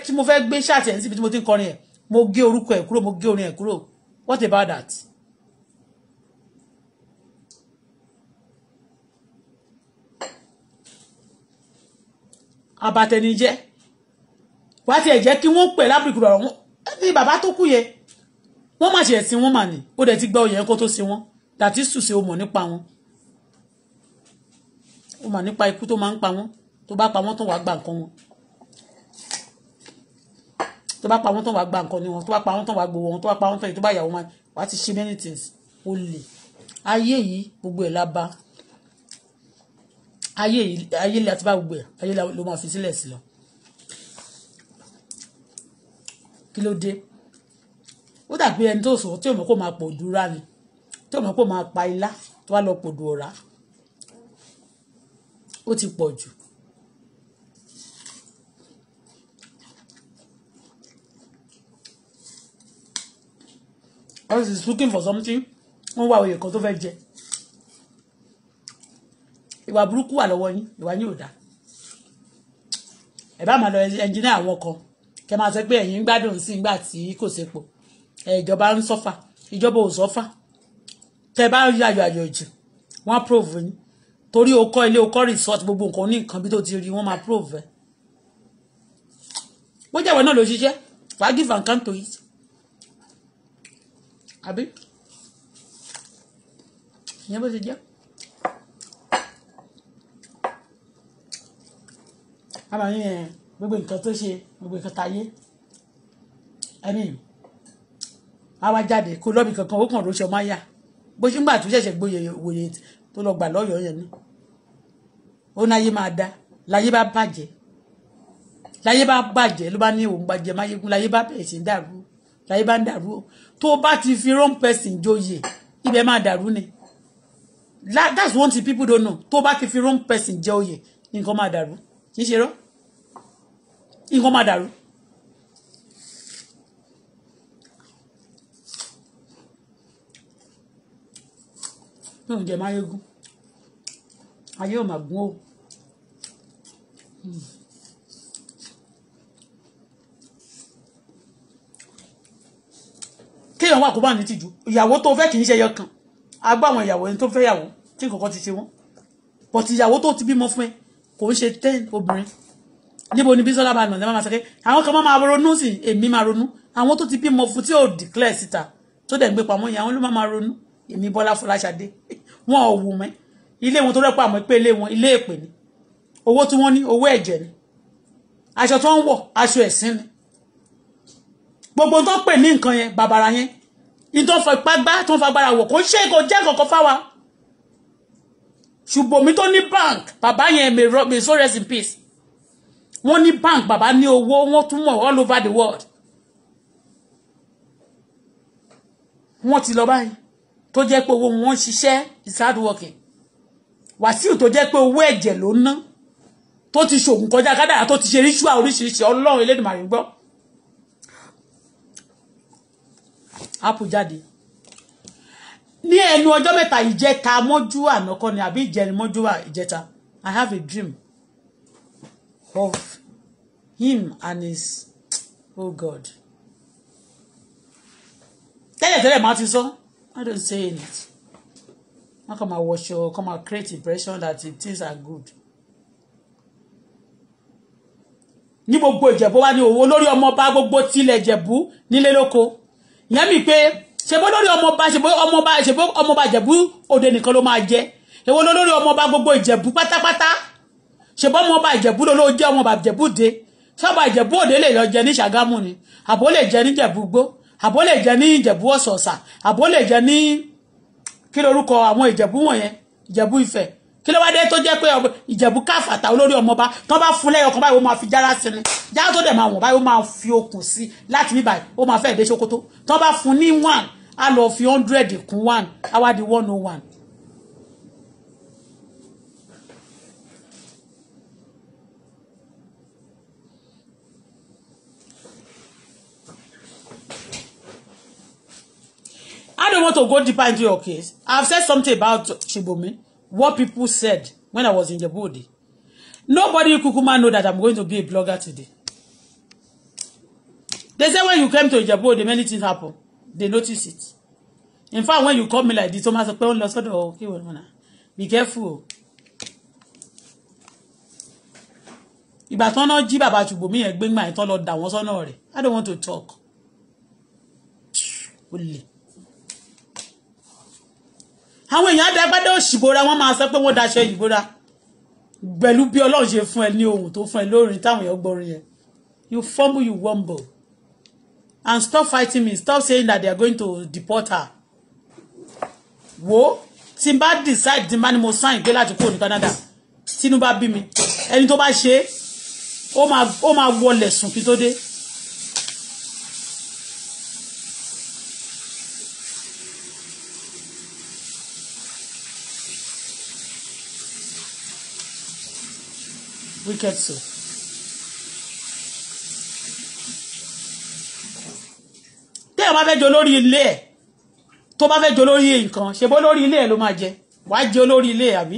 Speaker 1: tí mo fẹ́ gbé ṣáàtì ẹ̀ síbi tí mo ti ń kọrin ẹ̀ mo gé orúkọ ẹ̀ kúrò mo gé orin ẹ̀ kúrò what about that. abatẹnijẹ wá tiẹ̀ jẹ́ kí wọ́n pè lábùrìkù rọ̀rùn ẹni bàbá tó kú yẹn wọ́n má ṣe ẹ̀sìn wọn mà ní ó dẹ̀ ti gba oyè kó tó sin wọn tàtí sùsè o mọ̀ nípa wọn o mọ̀ nípa ikú tó máa ń pa wọn tó bá pa wọn tó wàá gba nǹkan wọn tó bá pa wọn tó wàá gba nǹkan ni wọn tó bá pa wọn tó wàá gbowó wọn tó bá pa wọn tó yìí tó bá yàwó wọn wàá ti ṣe many things ó lè ayé yìí gbogbo ẹ̀ la bá ayé yìí ayé ilé àti bá gbogbo ẹ̀ ayé ló máa fi sílẹ̀ sí lọ kí ló dé ó dàbí ẹni tó sọ tí ò mọ̀ kó máa pòdù rá ni tí ò mọ̀ kó máa pa ilá tó wá lọ pòdù ọ̀rá ó ti pọ̀ jù. else is looking for something wọ́n wá oyè kan tó fẹ́ jẹ ìwà burúkú wà lọ́wọ́ yín ìwà yín ò dáa ẹ bá máa lọ ẹnjìnìá àwọn kan kẹ máa sọ pé ẹ̀yin ń gbádùn sí ìgbà tí kò sépo ìjọba ń sọ́fà ìjọba ò sọ́fà tẹ bá ń yàyò àyòjì wọ́n approve ni torí o kọ́ ilé o kọ́ resort gbogbo nǹkan ní nǹkan bí tó ti rí wọ́n máa approve ẹ̀ bó jẹ́wọ́ náà ló ṣiṣẹ́ wàá give and count to it àbí ìyẹn bó ṣe jẹ́. àbàmì yẹn gbogbo nǹkan tó ṣe gbogbo nǹkan táyé ẹni yìí á wá jáde kó lọ́bì kankan ó kàn lóṣọ máa yà bó ṣe ń gbà tó ṣẹ̀ṣẹ̀ gbóyè wòye tó lọ gbà lọ́yọ̀ọ́ yẹn ni ó náyé máa dá láyé bá bàjẹ́ láyé bá bàjẹ́ ló bá ní òun bàjẹ́ máyégún láyé bá bẹ̀rẹ̀ sí ń dàrú láyé bá ń dàrú tó bá ti fi wrong person joyè ibẹ̀ máa dàrú ni that's one thing people don't know tó bá ti fi wrong person jẹ oyè nǹkan máa dàrú kì í ṣe rọ́ nǹkan máa dàrú. mi ò jẹ máyégún ayé ò mà gún o. kéèyàn wà kó bá ní tìjú ìyàwó tó fẹ́ kì í ṣe ẹyọ kan agbá àwọn ìyàwó ẹni tó fẹ́ yàwó tí nǹkan ti ṣe wọ́n but ìyàwó tó ti bímọ fún ẹ kò ń ṣe ten obìnrin níbo ni bísọ́lá bá nà ní máa sọ pé àwọn kan máa ronú sí èmi máa ronú àwọn tó ti bímọ fún tí ò declare síta tó dẹ̀ gbé pamọ́ yẹn àwọn ló máa ronú èmi Bọ́lá Fọláṣadé wọn ò wù mí ilé wọn tó rẹ́pọ̀ àmọ́ pé ilé wọn ilé èpè ni owó tí wọ́n ní owó ẹ̀jẹ̀ ni aṣọ tó ń wọ̀ aṣọ ẹ̀sìn ni gbogbo tó pè ní nǹkan yẹn bàbàrà yẹn ìtọ́ fipágbá tó ń fagbára wọ̀ kò ń ṣe kò jẹ́ kankan fáwa ṣùgbọ́n mi tó ní bank bàbá yẹn may so rest in peace wọ́n ní bank bàbá ní owó wọ́n tún mọ̀ all over the world wọ́n ti lọ báyìí tó jẹ́ pé owó wọn ṣiṣẹ́ is hard working Wàsíù tó jẹ́ pé owó ẹ̀jẹ̀ ló ná tó ti ṣògùn kọjá kádàrá tó ti ṣe ríṣùà oríṣiríṣi Ọlọ́run Elédùmarè gbọ́ ápù jáde ní ẹnu ọjọ́ mẹ́ta ìjẹta mọ́jú ànákọ́ ni àbí ìjẹrin mọ́jú ìjẹta I have a dream of him and his oh God tẹ́lẹ̀tẹ́lẹ̀ máa ti sọ. So I don't say it. How come I wash your, come and create impression that it, things are good? ní gbogbo ìjẹ̀bú wá ní owó lórí ọmọọba gbogbo tilẹ̀ ìjẹ̀bú nílé lóko ìyẹn mi pé ṣèbó lórí ọmọọba ṣèbó ọmọọba ṣèbó ọmọọba ìjẹ̀bú òde nìkan ló máa jẹ èwo ló lórí ọmọọba gbogbo ìjẹ̀bú pátápátá ṣèbó ọmọọba ìjẹ̀bú ló ló jẹ́ ọmọọba ìjẹ̀bú de sọ́ba ìjẹ̀bú òde lè lọ jẹ ní Ṣàgámù ni àbó lè jẹ ní Ìjẹ̀bú gbó àbó lè jẹ́ ní ìjẹ̀bú ọ̀sọ̀ọ̀sà àbó lè jẹ́ ní kí lorúkọ àwọn ìjẹ̀bú wọ̀nyẹn ìjẹ̀bú ìfẹ́ kí ló wá dé tó jẹ́ pé ìjẹ̀bú káfàtà olórí ọmọba tán bá fún lẹ́yọ̀ kan báyìí ó máa fi jára sí ni jára tó dẹ̀ máa wọ̀n báyìí ó máa fi okùn sí láti bí báyìí ó máa fẹ́ dé ṣòkòtò tán bá fún ní one a lọ fi hundred kún one a di one oh one I don't want to go deeper into your case. I've said something about Shibomi, what people said when I was in Djibouti. Nobody Kukuma know that I'm going to be a blogger today. They say when you came to Djibouti, many things happen. They notice it. In fact, when you call me like this, someone has a pen lost Okay, well, man, be careful. If I turn on bàbá about mi yẹn gbé gbà yẹn tán lọ What's on sọ́nà I don't want to talk. Olè àwọn èèyàn dágbádá òṣìbora wọ́n máa sọ pé wọ́n daṣọ ìbora pẹ̀lú bí ọlọ́run ṣe fún ẹ ní ohun tó fún ẹ lórin táwọn èèyàn gbọ́rin yẹn you fumble you wumble and stop fighting me stop saying that they are going to deport her wo tí n bá decide tí n mo sign gbé láti kúrò ní Canada tínú bá bí mi ẹni tó bá ṣe é ó máa wọlé sùn kí tó dé. wicked soul. téèyàn bá fẹ́ jẹ olórí ilé ẹ̀ tó bá fẹ́ jẹ olórí nǹkan ṣe bó lórí ilé ẹ̀ ló máa jẹ wàá jẹ olórí ilé ẹ̀ àbí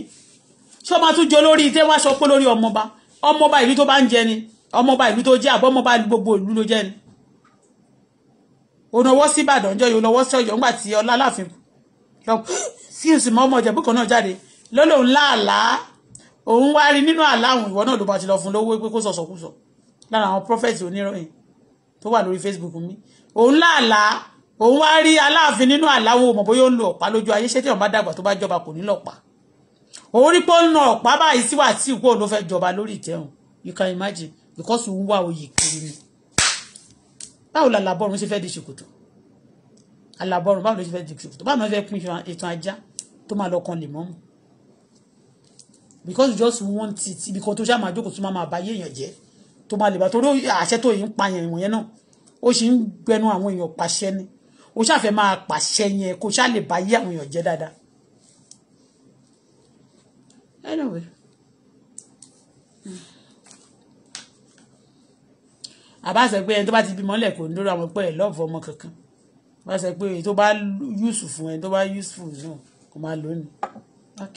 Speaker 1: ṣé o máa tún jẹ olórí tẹ́ wá sọ pé lórí ọmọọba ọmọọba ìlú tó bá ń jẹ ni ọmọọba ìlú tó jẹ àbọ̀ ọmọọba gbogbo ìlú ló jẹ ni onowó sí Ìbàdàn jọ yìí onowó sí Ọ̀yọ́ ńgbà tí ọlá láàfin lọ sí ìsìnmọ́ ọmọ Ìjẹ̀bú kan náà jáde lọ́lọ́run láàlàá òun wá rí nínú àláhùn ìwọ náà ló bá ti lọ fún lówó pé kó sọ̀sọ̀kúsọ̀ lára àwọn prophet oníròyìn tó wà lórí Facebook mi òun láàlá òun wá rí aláàfin nínú àláhùn òmò bóyá ó ń lo ọ̀pá lójú ayé ṣé tí wọn bá dàgbà tó bá jọba kò ní lọ́pàá òun rí pé ó ń na ọ̀pá báyìí sí Wàsíù kó ló fẹ́ jọba lórí ìtẹ́hùn you can imagine because òun wá oyè kiri ni báwo la làbọ̀rún ṣe fẹ́ di ṣòkòtò àlàbọ̀rún báwo ló ṣe fẹ́ di ṣòkòtò báwo ló fẹ́ pín ìtàn ajá tó máa lọ kan lè mọ́mù because you just want it ibi kan tó ṣáà máa jókòó tó máa máa bá yéèyàn jẹ́ tó máa lè bá torí àṣẹ tó yìí ń pa yẹn ìwọ̀nyẹn náà ó sì ń gbẹnu àwọn èèyàn pàṣẹ ni ó ṣàfẹ́ máa pàṣẹ yẹn kó ṣáà lè bá yé àwọn èèyàn jẹ́ dáadáa. anyway àbá sọ pé ẹni tó bá ti bímọ lẹ̀ kò ní lórí àwọn pẹ́ lọ́ọ̀fù ọmọ kankan bá sọ pé èyí tó bá yùsù fún ẹni tó bá yùsù fún náà kò máa lónìí.